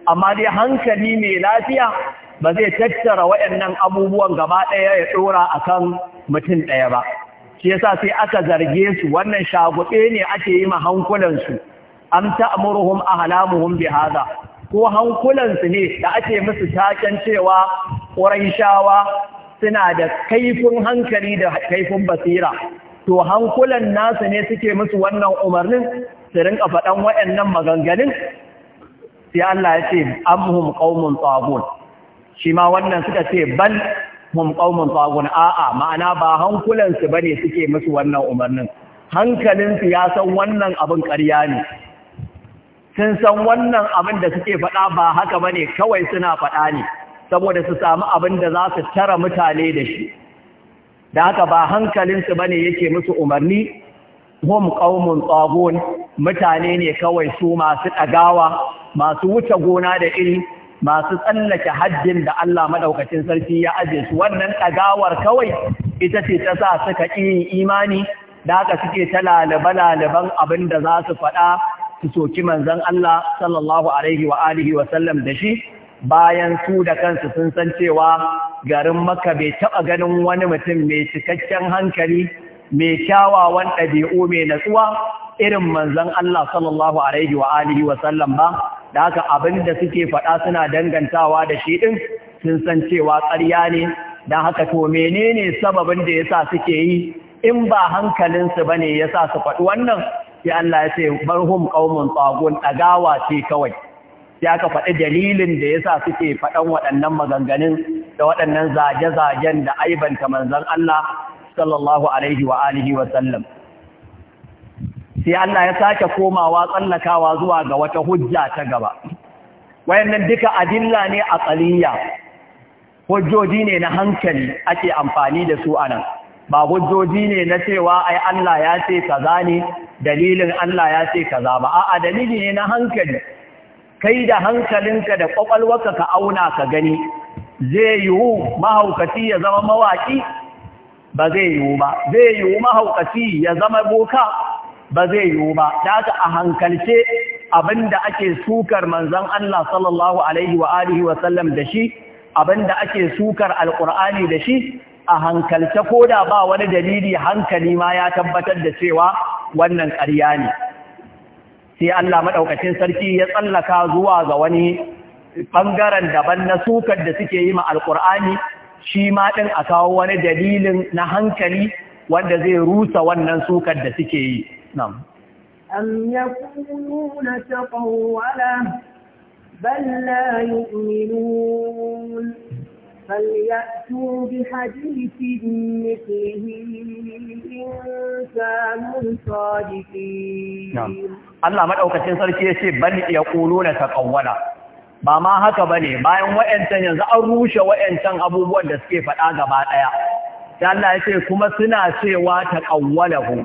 Speaker 1: amma dai hankali mai lafiya ba zai tattara waɗannan abubuwan gaba ɗaya ya ɗora a kan mutum ɗaya ba shi yasa sai aka zarge su wannan shagube ne ake yi ma hankulansu am ta'muruhum ahlamuhum haza. ko hankulansu ne da ake musu taken cewa shawa suna da kaifin hankali da kaifin basira to hankulan nasu ne suke musu wannan umarnin su rinka faɗan waɗannan maganganun sai Allah ya ce amhum qaumun tsagun shi ma wannan suka ce bal hum qaumun tagun a'a ma'ana ba hankulan su bane suke musu wannan umarnin hankalin su ya san wannan abin ƙarya ne sun san wannan abin da suke faɗa ba haka bane kawai suna faɗa ne saboda su samu abin da za su tara mutane da shi da haka ba hankalin su bane yake musu umarni hum qaumun tagun mutane ne kawai su masu ɗagawa masu wuce gona da iri masu tsallake hajjin da Allah maɗaukacin sarki ya aje su wannan ɗagawar kawai ita ce ta sa suka ƙi imani da haka suke ta lalaba-lalaban abin da za su faɗa su soki manzon Allah sallallahu alaihi wa alihi wa sallam da shi bayan su da kansu sun san cewa garin Makka bai taɓa ganin wani mutum mai cikakken hankali mai kyawawan ɗabi'u mai natsuwa irin manzon Allah sallallahu alaihi wa alihi wa sallam ba da haka abin da suke faɗa suna dangantawa da shi ɗin sun san cewa ƙarya ne don haka to menene sababin da yasa suke yi in ba hankalinsu ba ne yasa su faɗi wannan sai Allah ya ce barhum qaumun tagun ɗagawa ce kawai sai aka faɗi dalilin da yasa suke faɗan waɗannan maganganun da waɗannan zage-zagen da aibanta manzon Allah sallallahu alaihi wa alihi wa sallam sai Allah ya sake komawa tsallakawa zuwa ga wata hujja ta gaba wayannan duka adilla ne a tsaliyya, hujjoji ne na hankali ake amfani da su anan ba hujjoji ne na cewa ai Allah ya ce kaza ne dalilin Allah ya ce kaza ba a'a dalili ne na hankali kai da hankalinka da ƙwaƙwalwaka ka auna ka gani zai yiwu mahaukaci ya zama mawaƙi? ba zai yiwu ba zai yiwu mahaukaci ya zama boka ba zai yiwu ba da aka a hankalce abinda ake sukar manzon Allah sallallahu alaihi wa alihi wa sallam da shi abinda ake sukar alqur'ani da shi a hankalce ko da ba wani dalili hankali ma ya tabbatar da cewa wannan ƙarya ne sai Allah maɗaukacin sarki ya tsallaka zuwa ga wani ɓangaren daban na sukar da suke yi ma alqur'ani shi ma ɗin a kawo wani dalilin na hankali wanda zai rusa wannan sukar da suke yi نعم
Speaker 2: أم يكونون تطولا بل لا يؤمنون فليأتوا بحديث مثله إن كانوا نعم
Speaker 1: الله مدعوكتين sarki yace na yaquluna taqawwala ba ma haka bane bayan wayancan yanzu an rushe wayancan abubuwan da suke faɗa gaba ɗaya. sai Allah yace kuma suna cewa taqawwalahu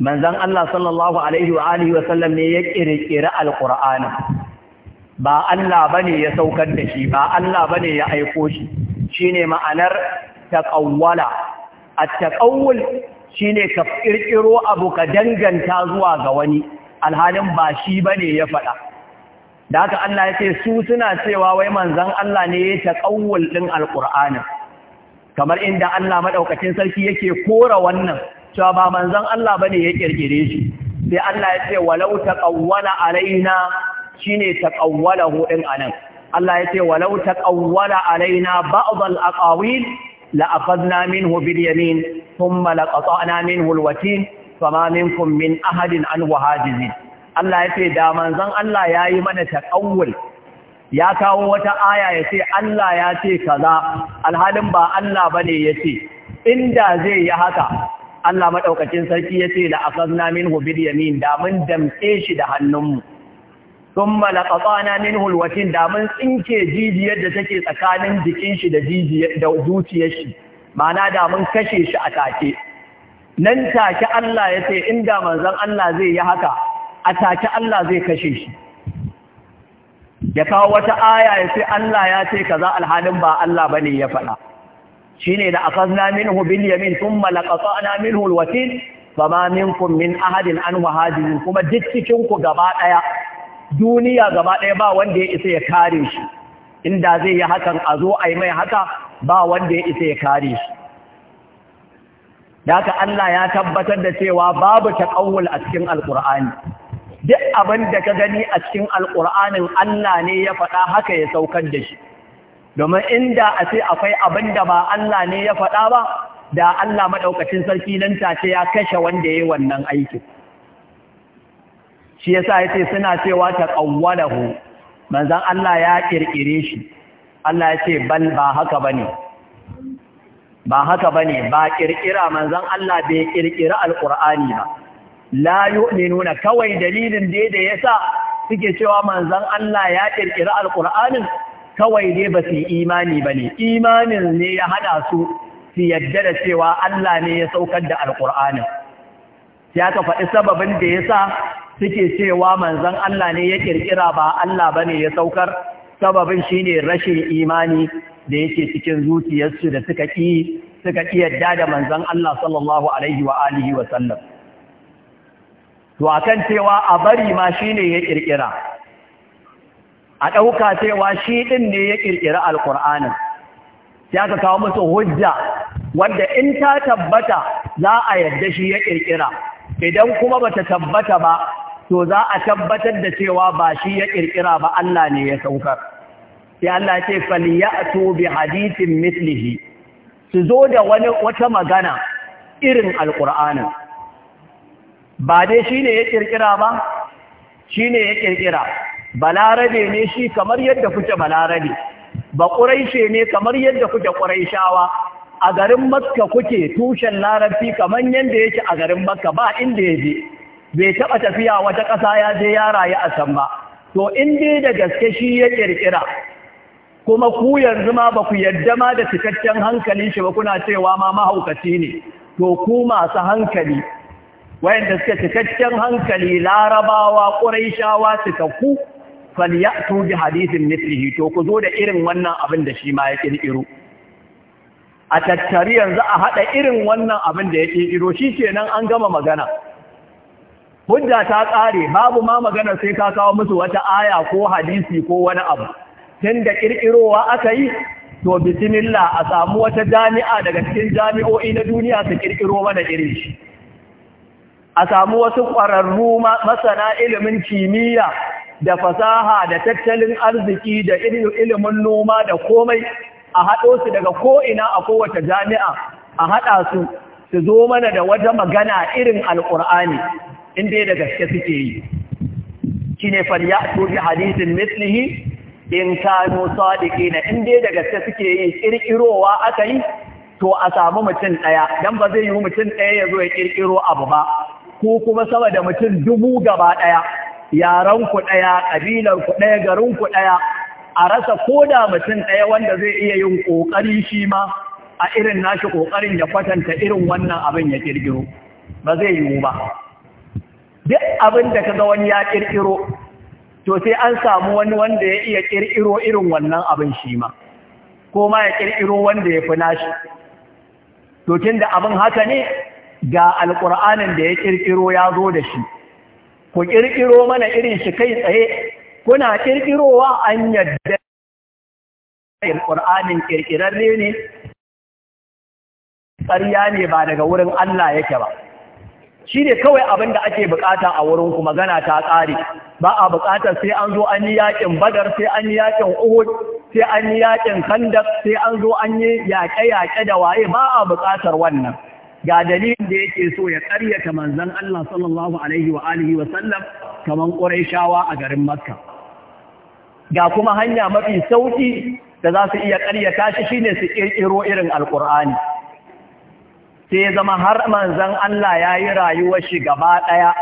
Speaker 1: manzon Allah sallallahu alaihi wa alihi wa sallam ne ya kirkira alqur'ani ba Allah bane ya saukar da shi ba Allah bane ya aiko shi ne ma'anar A at shi ne ka ƙirƙiro abu ka danganta zuwa ga wani alhalin ba shi ne ya faɗa da haka Allah ya ce su suna cewa wai manzan Allah ne ya taƙawul ɗin alƙur'anin kamar inda Allah maɗaukacin sarki yake kora wannan cewa ba manzan Allah bane ya ƙirƙire shi sai Allah ya ce walau taqawwala alaina shine taqawwalahu din anan Allah ya ce walau taqawwala alaina ba'd al-aqawil la akhadna minhu bil yamin thumma laqata'na minhu al-watin fama ahadin anhu hajizin Allah ya ce da manzan Allah yayi mana ƙawul, ya kawo wata aya ya ce Allah ya ce kaza alhalin ba Allah bane ya ce inda zai yi haka Allah maɗaukacin sarki ya ce da asazna minhu bil yamin da mun shi da hannunmu sun laqatana minhu alwatin da mun tsinke jijiyar da take tsakanin jikin shi da zuciyar shi mana da mun kashe shi a take nan take Allah ya ce inda manzon Allah zai yi haka a take Allah zai kashe shi ya kawo wata aya ya ce Allah ya ce kaza alhalin ba Allah ba ne ya faɗa shine da akhadna minhu bil yamin thumma na min al watin fama minkum min ahadin an wahadin kuma duk cikinku gaba ɗaya, duniya gaba ɗaya, ba wanda ya isa ya kare shi inda zai yi hakan a zo ai mai haka ba wanda ya isa ya kare shi da haka Allah ya tabbatar da cewa babu taqawul a cikin Alƙur'ani. duk abin da ka gani a cikin Alƙur'anin Allah ne ya faɗa haka ya saukar da shi domin inda a ce akwai abin da ba Allah ne ya faɗa ba da Allah maɗaukacin sarki nan tace ya kashe wanda ya yi wannan aikin shi yasa ce suna cewa ta hu, manzan Allah ya ƙirƙire shi Allah ce ban ba haka ne, ba haka ne, ba ƙirƙira manzan Allah bai ƙirƙiri Alƙur'ani ba la nuna kawai dalilin da ya sa suke cewa manzon Allah ya ƙirƙira al’ur'anin kawai dai ba su imani ba ne imanin ne ya haɗa su su yadda da cewa Allah ne ya saukar da alƙur'anin ya ka faɗi sababin da ya sa suke cewa manzon Allah ne ya ƙirƙira ba Allah ba ne ya saukar sababin shi ne rashin imani da yake cikin zuciyarsu da suka ƙi suka ƙi yadda da manzon Allah sallallahu alaihi wa alihi wa sallam to akan cewa a bari ma shine ya ƙirƙira. a ɗauka cewa shi ɗin ne ya ƙirƙiri alƙur'anin ya aka kawo musu hujja wadda in ta tabbata za a yadda shi ya ƙirƙira idan kuma ba ta tabbata ba to za a tabbatar da cewa ba shi ya ƙirƙira ba Allah ne ya saukar sai Allah ce falyatu bi hadithin mislihi su zo da wani wata magana irin alƙur'anin ba dai shi ne ya ƙirƙira ba shi ne ya ƙirƙira balarabe ne shi kamar yadda kuke balarabe ba ƙuraishe ne kamar yadda kuke ƙuraishawa a garin makka kuke tushen larabci kamar yadda yake a garin makka ba inda ya je bai taɓa tafiya wata ƙasa ya je ya rayu a san ba to in dai da gaske shi ya ƙirƙira kuma ku yanzu ma ba ku yadda ma da cikakken hankali shi ba kuna cewa ma mahaukaci ne to ku masu hankali wayanda suke cikakken hankali larabawa ƙuraishawa cikakku falyatu bi hadithin mithlihi to ku zo da irin wannan abin da shi ma ya kirkiro a tattari yanzu a hada irin wannan abin da ya kirkiro shikenan an gama magana hujja ta kare babu ma magana sai ka kawo musu wata aya ko hadisi ko wani abu Tun da kirkirowa aka yi to bismillah a samu wata jami'a daga cikin jami'o'i na duniya su kirkiro mana irin shi a samu wasu ƙwararru masana ilimin kimiyya da fasaha da tattalin arziki da ilimin noma da komai a haɗo su daga ko'ina a kowace jami'a a haɗa su su zo mana da wata magana irin al’ur'ani inda da gaske suke yi shi ne falya su hadisin mislihi in kano sadiki na inda da gaske suke yi ƙirƙirowa aka yi to a samu mutum ɗaya don ba zai yi mutum ɗaya ya zo ya ƙirƙiro abu ba ko kuma sama da mutum dubu gaba ɗaya yaran ku ɗaya ƙabilar ku ɗaya garinku ɗaya a rasa koda mutum ɗaya wanda zai iya yin ƙoƙari shi ma a irin nashi ƙoƙarin ya kwatanta irin wannan abin ya ƙirƙiro ba zai yiwu ba duk abin da ka ga wani ya ƙirƙiro to sai an samu wani wanda ya iya ƙirƙiro irin wannan abin shi ma ko ma ya ƙirƙiro wanda ya fi nashi to tun da abin haka ne ga alƙur'anin da ya ƙirƙiro ya zo da shi ku ƙirƙiro mana irin shi kai tsaye kuna ƙirƙirowa an yadda ƙirƙur'anin ƙirƙirarre ne ƙarya ne ba daga wurin Allah yake ba shi ne kawai abin da ake bukata a wurin ku magana ta ƙare ba a bukatar sai an zo an yi yaƙin badar sai an yi yaƙin uhud sai an yi yaƙin kandak sai an zo an yi yaƙe-yaƙe da waye ba a bukatar wannan ga dalilin da yake so ya ƙaryata manzan Allah sallallahu alaihi wa alihi wa sallam kaman shawa a garin Makka ga kuma hanya mafi sauƙi da za su iya ƙaryata shi shine su ƙirƙiro irin alƙur'ani sai zama har manzan Allah ya yi rayuwar shi gaba ɗaya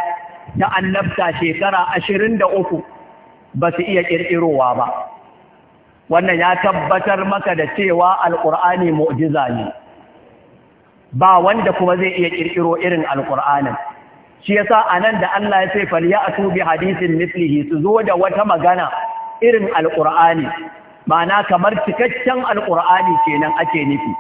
Speaker 1: ta annabta shekara ashirin da uku ba su iya ƙirƙirowa ba wannan ya tabbatar maka da cewa alƙur'ani mu'jiza ne ba wanda kuma zai iya kirkiro irin alqur'anin shi yasa anan da Allah ya ce falyatu bi hadisin mislihi su zo da wata magana irin Alƙur'ani? ma'ana kamar cikakken Alƙur'ani kenan ake nufi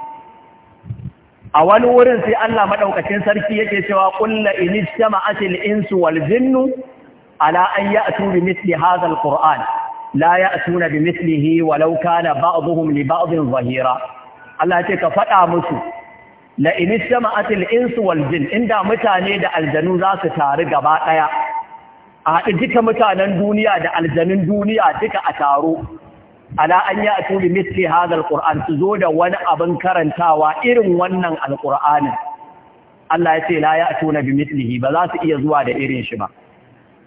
Speaker 1: a wani wurin sai Allah madaukakin sarki yake cewa qul in istama'at al-insu wal jinnu ala an ya'tu bi misli hadha al-qur'an la ya'tuna bi mislihi walau kana ba'dhum li ba'dhin zahira Allah ce ka faɗa musu la in istama'at al-insu wal jin inda mutane da aljanu za su taru gaba daya a haɗu duka mutanen duniya da aljanun duniya duka a taro ala an ya atu bi mithli hadha su zo da wani abin karantawa irin wannan alquranin Allah ya ce la ya na bi mitlihi ba za su iya zuwa da irin shi ba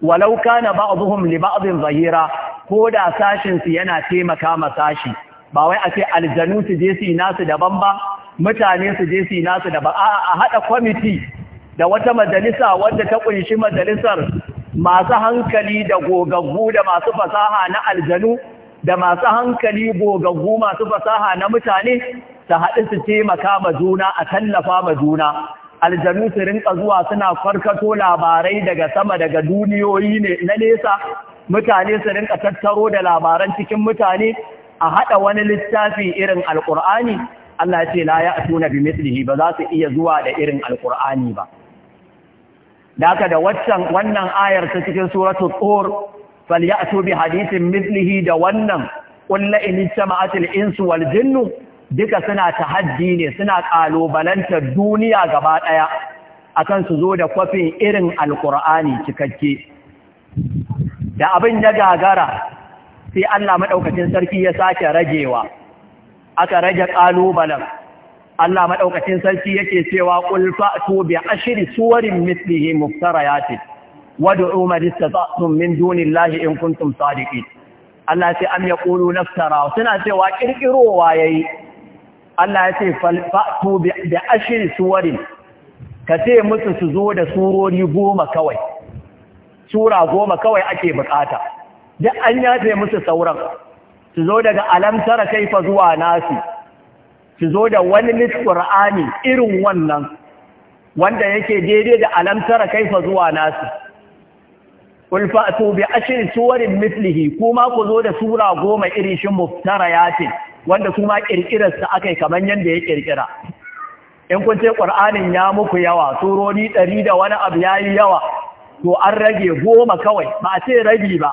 Speaker 1: walau kana ba'dhum li ba'dhin zahira ko da sashin su yana taimaka ma sashi ba wai a ce aljanu su je su nasu daban ba mutane su je su nasu da ba a haɗa kwamiti da wata majalisa wadda ta kunshi majalisar masu hankali da gogaggu da masu fasaha na aljanu da masu hankali gogaggu masu fasaha na mutane su haɗu su taimaka ma juna a tallafa ma juna aljanu su rinka zuwa suna farkato labarai daga sama daga duniyoyi ne na nesa mutane su rinka tattaro da labaran cikin mutane a haɗa wani littafi irin alƙur'ani Allah ya ce la ya atuna bi mislihi ba za su iya zuwa da irin alqur'ani ba daka da waccan wannan ayar ta cikin suratul fal ya'tu bi hadithin mislihi da wannan qul la in jama'atil insu wal jinnu duka suna tahaddi ne suna balanta duniya gaba daya akan su zo da kwafin irin alqur'ani cikakke da abin ya gagara sai Allah madaukakin sarki ya sake ragewa aka rage ƙalubalen Allah maɗaukacin sarki yake cewa ƙulfa to bi ashiri suwarin mislihi muftarayati wad'u ma istata'tum min lahi in kuntum sadiqin Allah sai am yaqulu naftara suna cewa kirkirowa yayi Allah ya ce fa'tu bi ashiri suwarin ka ce musu su zo da surori goma kawai sura goma kawai ake bukata duk an yafe musu sauran su zo daga alamtara kaifa zuwa nasi su zo da wani ƙur'ani irin wannan wanda yake daidai da alamtara kaifa zuwa nasi ulfa'atu bi ashri suwarin mislihi kuma ku zo da sura goma irin shin yace wanda kuma kirkirar sa akai kaman yanda ya kirkira in kun ce qur'anin ya muku yawa surori 100 da wani abu yayi yawa to an rage goma kawai ba a ce rabi ba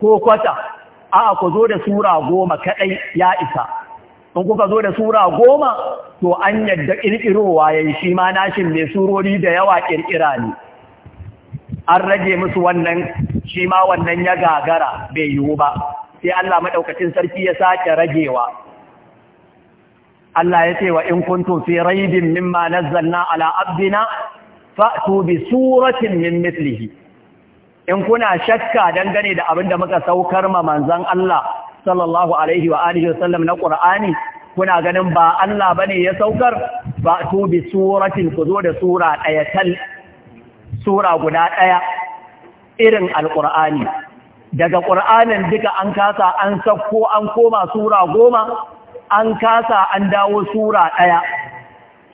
Speaker 1: ko kwata A'a ku zo da sura goma kaɗai ya isa in kuka zo da sura goma to an yadda ƙirƙirowa ya shi ma nashin mai surori da yawa ƙirƙira ne an rage musu wannan shi ma wannan ya gagara bai yiwu ba sai Allah maɗaukacin sarki ya sake ragewa Allah ya ce wa in kuntum fi raidin mimma nazzalna ala abdina fa'tu bi suratin min mithlihi in kuna shakka dangane da abin da muka saukar ma manzon Allah sallallahu alaihi wa alihi na Qur'ani kuna ganin ba Allah bane ya saukar ba to bi suratin ku zo da sura daya tal sura guda daya irin alqur'ani daga qur'anin duka an kasa an sako an koma sura goma an kasa an dawo sura daya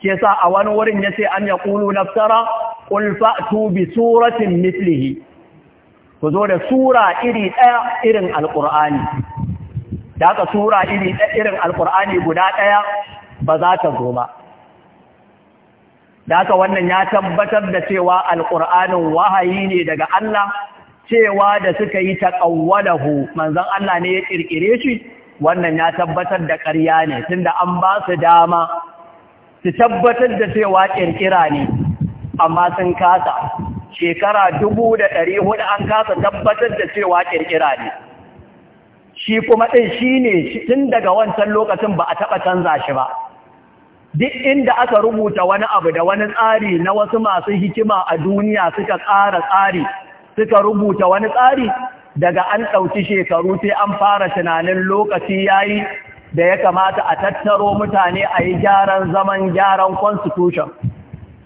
Speaker 1: shi yasa a wani wurin yace an yaqulu naftara qul fa'tu bi suratin mithlihi ku zo da sura iri ɗaya irin alƙur'ani da aka sura iri ɗaya irin alƙur'ani guda ɗaya ba za ta zo ba da aka wannan ya tabbatar da cewa alƙur'anin wahayi ne daga Allah cewa da suka yi ta taƙawwalahu manzon Allah ne ya ƙirƙire shi wannan ya tabbatar da ƙarya ne tun da an ba su dama su tabbatar da cewa ƙirƙira ne amma sun kasa shekara dubu da ɗari hudu an kasa tabbatar da cewa ƙirƙira ne shi kuma ɗin shi ne tun daga wancan lokacin ba a taɓa canza shi ba duk inda aka rubuta wani abu da wani tsari na wasu masu hikima a duniya suka ƙara tsari suka rubuta wani tsari daga an ɗauki shekaru sai an fara tunanin lokaci ya yi da ya kamata a tattaro mutane a yi gyaran zaman gyaran constitution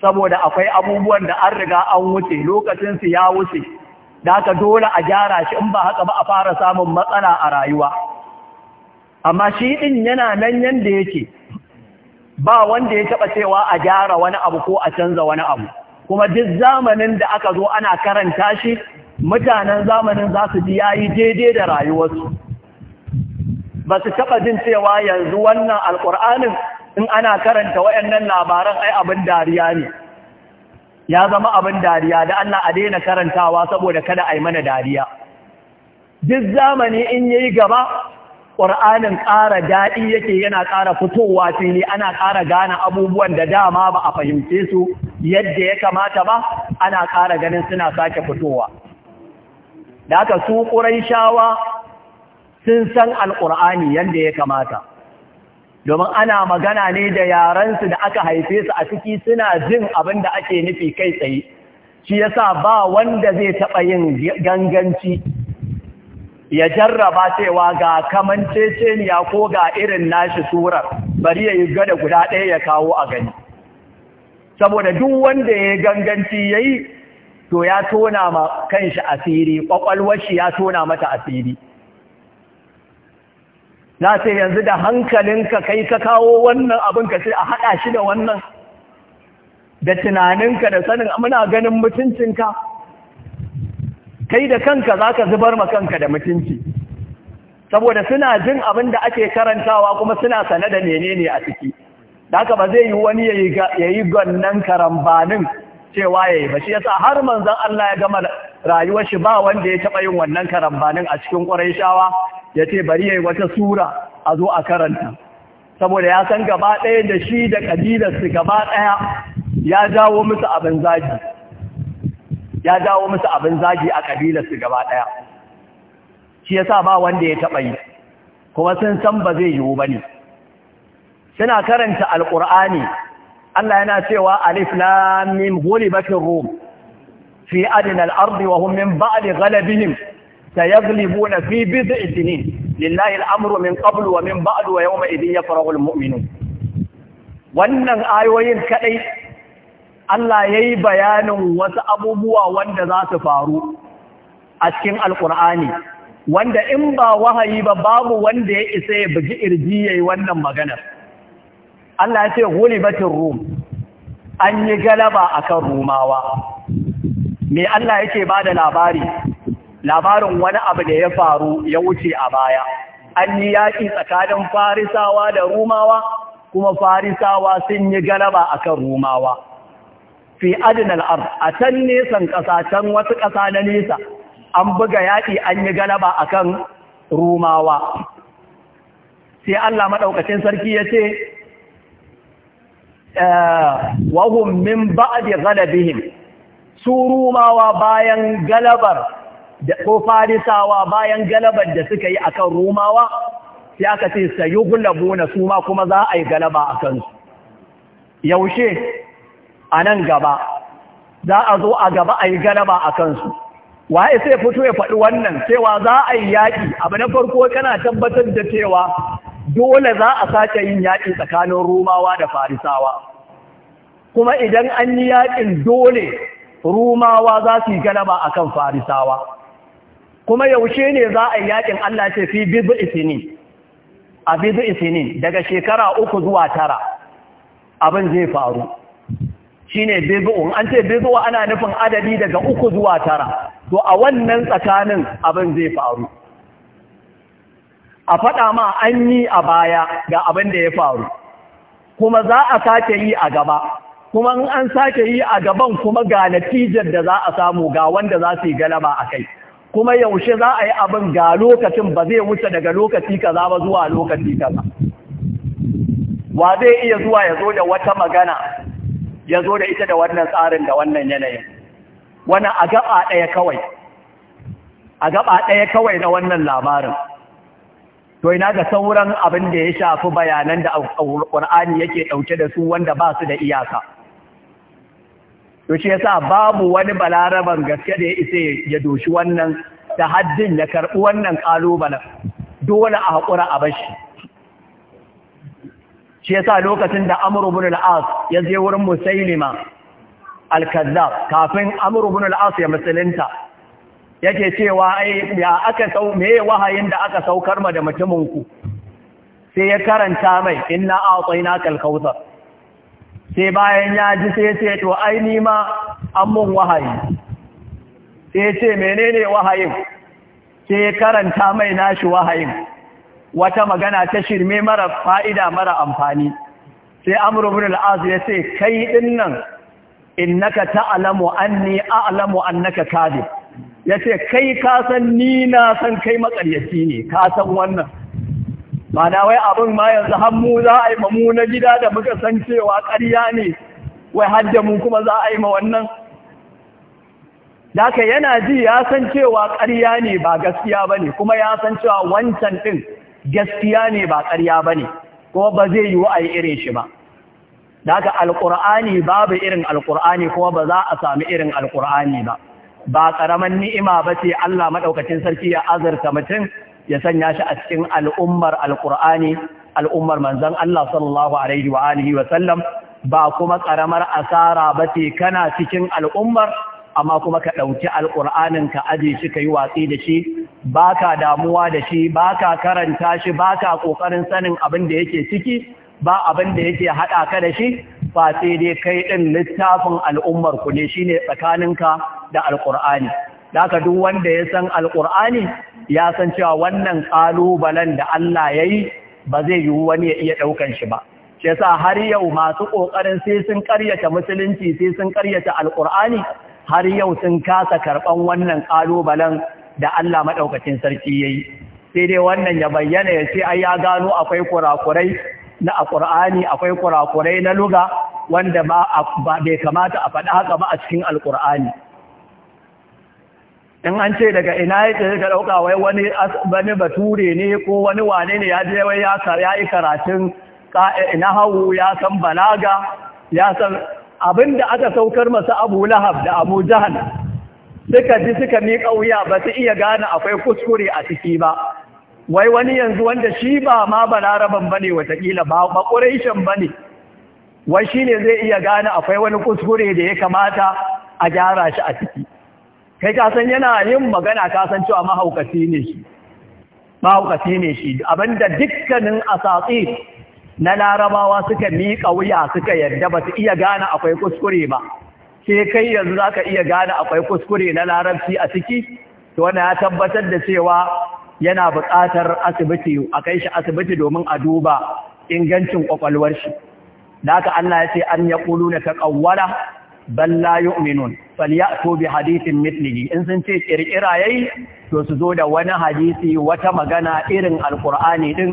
Speaker 1: saboda akwai abubuwan da an riga an wuce lokacinsu ya wuce da haka dole a gyara shi in ba haka ba a fara samun matsala a rayuwa amma shi ɗin yana nan yanda yake ba wanda ya taɓa cewa a gyara wani abu ko a canza wani abu kuma duk zamanin da aka zo ana karanta shi mutanen zamanin za su ji yayi daidai da rayuwarsu ba su taɓa jin cewa yanzu wannan alƙur'anin in ana karanta waɗannan labaran ai abin dariya ne ya zama abin dariya da Allah a daina karantawa saboda kada a mana dariya duk zamani in yayi gaba ƙur'anin ƙara daɗi yake yana ƙara fitowa fili ana ƙara gane abubuwan da dama ba a fahimce su yadda ya kamata ba ana ƙara ganin suna sake fitowa da aka su ƙurai shawa sun san alƙur'ani yadda ya kamata domin ana magana ne da yarensu da aka haife su a ciki suna jin abin da ake nufi kai tsaye shi yasa ba wanda zai taɓa yin ganganci ya jarraba cewa ga kamanceceniya ko ga irin nashi surar bari ya yi gada guda ɗaya ya kawo a gani saboda duk wanda ya ganganci ya yi to ya tona ma kanshi asiri ƙwaƙwalwar shi ya tona mata asiri na ce yanzu da hankalinka kai ka kawo wannan abin ka sai a haɗa shi da wannan da tunaninka da sanin muna ganin mutuncinka kai da kanka za ka zubar ma kanka da mutunci saboda suna jin abin da ake karantawa kuma suna sane da nene ne a ciki haka ba zai yi wani ya yi gwannan karambanin cewa ya yi ba shi ya sa har manzon Allah ya gama rayuwar shi ba wanda ya taba yin wannan karambanin a cikin ƙwarai ya ce bari ya yi wata sura a zo a karanta saboda ya san gaba ɗaya da shi da ƙabilarsu gaba ɗaya ya jawo musu abin zagi a ƙabilarsu gaba ɗaya shi yasa ba wanda ya taɓa yi kuma sun san ba zai yiwu ba ne suna karanta alƙur'ani Allah yana cewa alif lam mim ghulibatir rum في أدنى الأرض وهم من بعد غلبهم سيغلبون في بضع سنين لله الأمر من قبل ومن بعد ويومئذ يفرغ المؤمنون وأن آيوين كأي الله يي بيان وسأبوبوا وأن ذات فارو أشكين القرآن وأن إمبا وهي بباب وأن دي إسي بجئر جي وأن مغنى الله يتغلبت الروم أن يغلب أكا روماوا me Allah yake ba da labari labarin wani abu da ya faru ya wuce a baya an yi yaƙi tsakanin farisawa da rumawa kuma farisawa sun yi galaba a kan rumawa fi adinal ar a can nesan ƙasa can wasu ƙasa na nesa an buga yaƙi an yi galaba a kan rumawa sai Allah maɗaukacin sarki ya ce eh, Wahun min ba'di ghalabihim su rumawa bayan galabar ko farisawa bayan galabar da suka yi akan rumawa sai aka ce sayu na su ma kuma za a yi galaba a kansu yaushe a nan gaba za a zo a gaba a yi galaba a kansu waye sai fito ya faɗi wannan cewa za a yi yaƙi abu na farko kana tabbatar da cewa dole za a sake yin yaƙi tsakanin rumawa da farisawa kuma idan an yi yaƙin dole rumawa za su yi galaba a kan farisawa kuma yaushe ne za a yi yakin Allah ce fi bidu isini a bidu isini daga shekara uku zuwa tara abin zai faru Shi shine un, an ce bidu ana nufin adadi daga uku zuwa tara to a wannan tsakanin abin zai faru a faɗa ma an yi a baya ga abin da ya faru kuma za a sake yi a gaba kuma in an sake yi a gaban kuma ga natijar da za a samu ga wanda za su yi galaba a kai kuma yaushe za a yi abin ga lokacin ba zai wuce daga lokaci kaza ba zuwa lokaci kaza wa zai iya zuwa ya zo da wata magana ya zo da ita da wannan tsarin da wannan yanayin wannan a gaba ɗaya kawai a gaba ɗaya kawai na wannan labarin to ina ga sauran abin da ya shafi bayanan da alƙur'ani yake ɗauke da su wanda ba su da iyaka to shi yasa babu wani balaraban gaske da ya isa ya doshi wannan ta haddin ya karɓi wannan ƙalubalen dole a haƙura a bashi shi yasa lokacin da amru ibn al ya je wurin Musailima al-Kazzab kafin amru ibn al ya musulunta yake cewa ai ya aka sau me wahayin da aka saukar ma da mutumin ku sai ya karanta mai inna a'tainaka al-kautsar sai bayan ya ji sai ce to ai ni ma an mun wahayi sai ce menene wahayin sai karanta mai nashi wahayin wata magana ta shirme mara fa'ida mara amfani sai amru ibn al-az ya ce kai dinnan innaka ta'lamu anni a'lamu annaka kadhib yace kai ka san ni na san kai makaryaci ne ka san wannan mana wai abin ma yanzu hannu za a yi mamu na gida da muka san cewa ƙarya ne wai hadda kuma za a yi ma wannan Daka yana ji ya san cewa ƙarya ne ba gaskiya ba ne kuma ya san cewa wancan ɗin gaskiya ne ba ƙarya ba ne kuma ba zai yi a yi irin shi ba Daka alƙur'ani babu irin alƙur'ani kuma ba za a sami irin alƙur'ani ba ba ƙaramin ni'ima ba ce Allah maɗaukacin sarki ya azarta mutum ya sanya shi a cikin al'ummar Alkur'ani. al'ummar manzan Allah sallallahu alaihi wa wa sallam ba kuma ƙaramar asara ba ce kana cikin al'ummar amma kuma ka ɗauki alƙur'anin ka aje shi ka yi watsi da shi ba ka damuwa da shi ba ka karanta shi ba ka ƙoƙarin sanin abin da yake ciki ba abin da yake haɗa ka da shi ba sai dai kai ɗin littafin al'ummar ku ne shine tsakaninka da Alkur'ani. da duk wanda ya san Alkur'ani? ya san cewa wannan ƙalubalen da Allah ya yi ba zai yiwu wani ya iya ɗaukan shi ba. Shi sa har yau masu ƙoƙarin sai sun ƙaryata musulunci sai sun ƙaryata alƙur'ani har yau sun kasa karɓan wannan ƙalubalen da Allah maɗaukacin sarki ya yi. Sai dai wannan ya bayyana ya ce ai ya gano akwai kurakurai na alƙur'ani akwai kurakurai na luga wanda ba bai kamata a faɗi haka ba a cikin alƙur'ani. in an ce daga ina yake ka dauka wai wani wani bature ne ko wani wane ne ya je wai ya ya yi karatun ina hawu ya san balaga ya san abinda aka saukar masa Abu Lahab da Abu Jahal suka ji suka mi kauya ba su iya gane akwai kuskure a ciki ba wai wani yanzu wanda shi ba ma balaraban bane watakila ba ba quraishan bane wai shine zai iya gane akwai wani kuskure da ya kamata a gyara shi a ciki kai ka san yana yin magana ka san cewa mahaukaci ne shi mahaukaci ne shi abinda dukkanin asatsi na larabawa suka miƙa wuya suka yarda ba su iya gane akwai kuskure ba sai kai yanzu za ka iya gane akwai kuskure na larabci a ciki to wanda ya tabbatar da cewa yana buƙatar asibiti a kai shi asibiti domin a duba ingancin ƙwaƙwalwar shi da haka Allah ya ce an ya ƙulu na ta ƙawwala bal la yu'minun falyatu bi hadithin mithlihi in sun ce kirkira yayi to su zo da wani hadisi wata magana irin Alƙur'ani ɗin,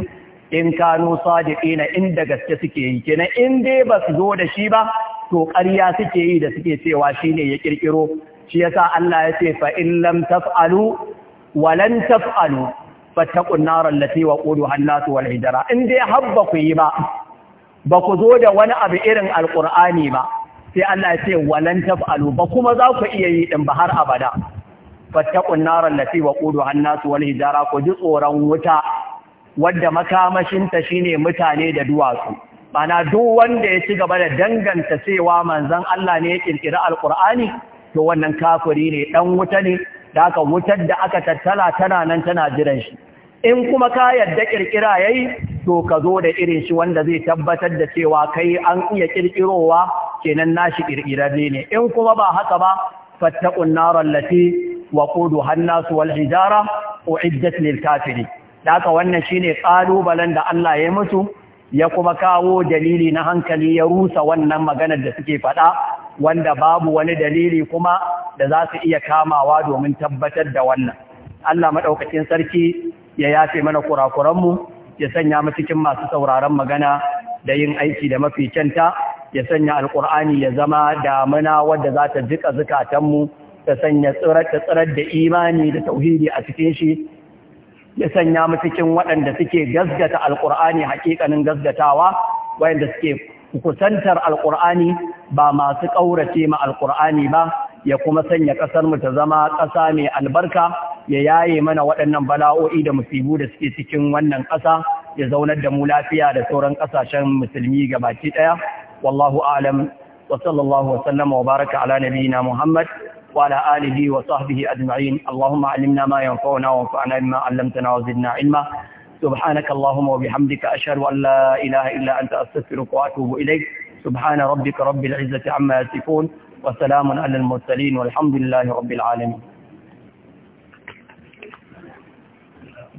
Speaker 1: in kanu in da gaske suke yi Kina in dai ba su zo da shi ba to ƙarya suke yi da suke cewa shine ya kirkiro shi yasa Allah ya ce fa in lam taf'alu wa lan taf'alu fattaqun nar allati waquduha an-nas in dai har ba ku yi ba ba ku zo da wani abu irin alqur'ani ba sai Allah ya ce walan taf'alu ba kuma za ku iya yi din ba har abada fattaqun naral lati wa an-nasu wal hijara ku ji tsoron wuta wadda makamashin ta shine mutane da duwatsu bana duk wanda ya ci gaba da danganta cewa manzon Allah ne ya kirkira alqur'ani to wannan kafiri ne dan wuta ne da aka wutar da aka tattala tana nan tana jiran shi in kuma ka yadda kirkira yayi to ka zo da irin shi wanda zai tabbatar da cewa kai an iya kirkirowa kenan nashi ƙirƙirarre ne in kuma ba haka ba fattaqun naral lati waquduha an-nas wal hijara uiddat lil kafiri haka wannan shine ƙalubalen da Allah ya musu ya kuma kawo dalili na hankali ya rusa wannan maganar da suke faɗa wanda babu wani dalili kuma da za su iya kamawa domin tabbatar da wannan Allah madaukakin sarki ya yafe mana kurakuranmu ya sanya mu cikin masu sauraron magana da yin aiki da mafi canta ya sanya alkur'ani ya zama damuna wadda za ta jika zukatanmu ta sanya tsirar da imani da tauhidi a cikin shi ya sanya mu cikin waɗanda suke gasgata alkur'ani haƙiƙanin gasgatawa wayanda suke kusantar alkur'ani ba masu ƙaurace ma alkur'ani ba ya kuma sanya ƙasarmu ta zama ƙasa mai albarka ya yaye mana waɗannan bala'o'i da musibu da suke cikin wannan ƙasa ya zaunar da mu lafiya da sauran ƙasashen musulmi gabaki ɗaya wallahu a'lam wa sallallahu wa baraka ala nabiyyina Muhammad wa ala alihi wa sahbihi ajma'in Allahumma allimna ma yanfa'una wa anfa'na bima na ilma سبحانك اللهم وبحمدك أشهد أن لا إله إلا أنت أستغفرك وأتوب إليك سبحان ربك رب العزة عما يصفون وسلام على المرسلين والحمد لله رب العالمين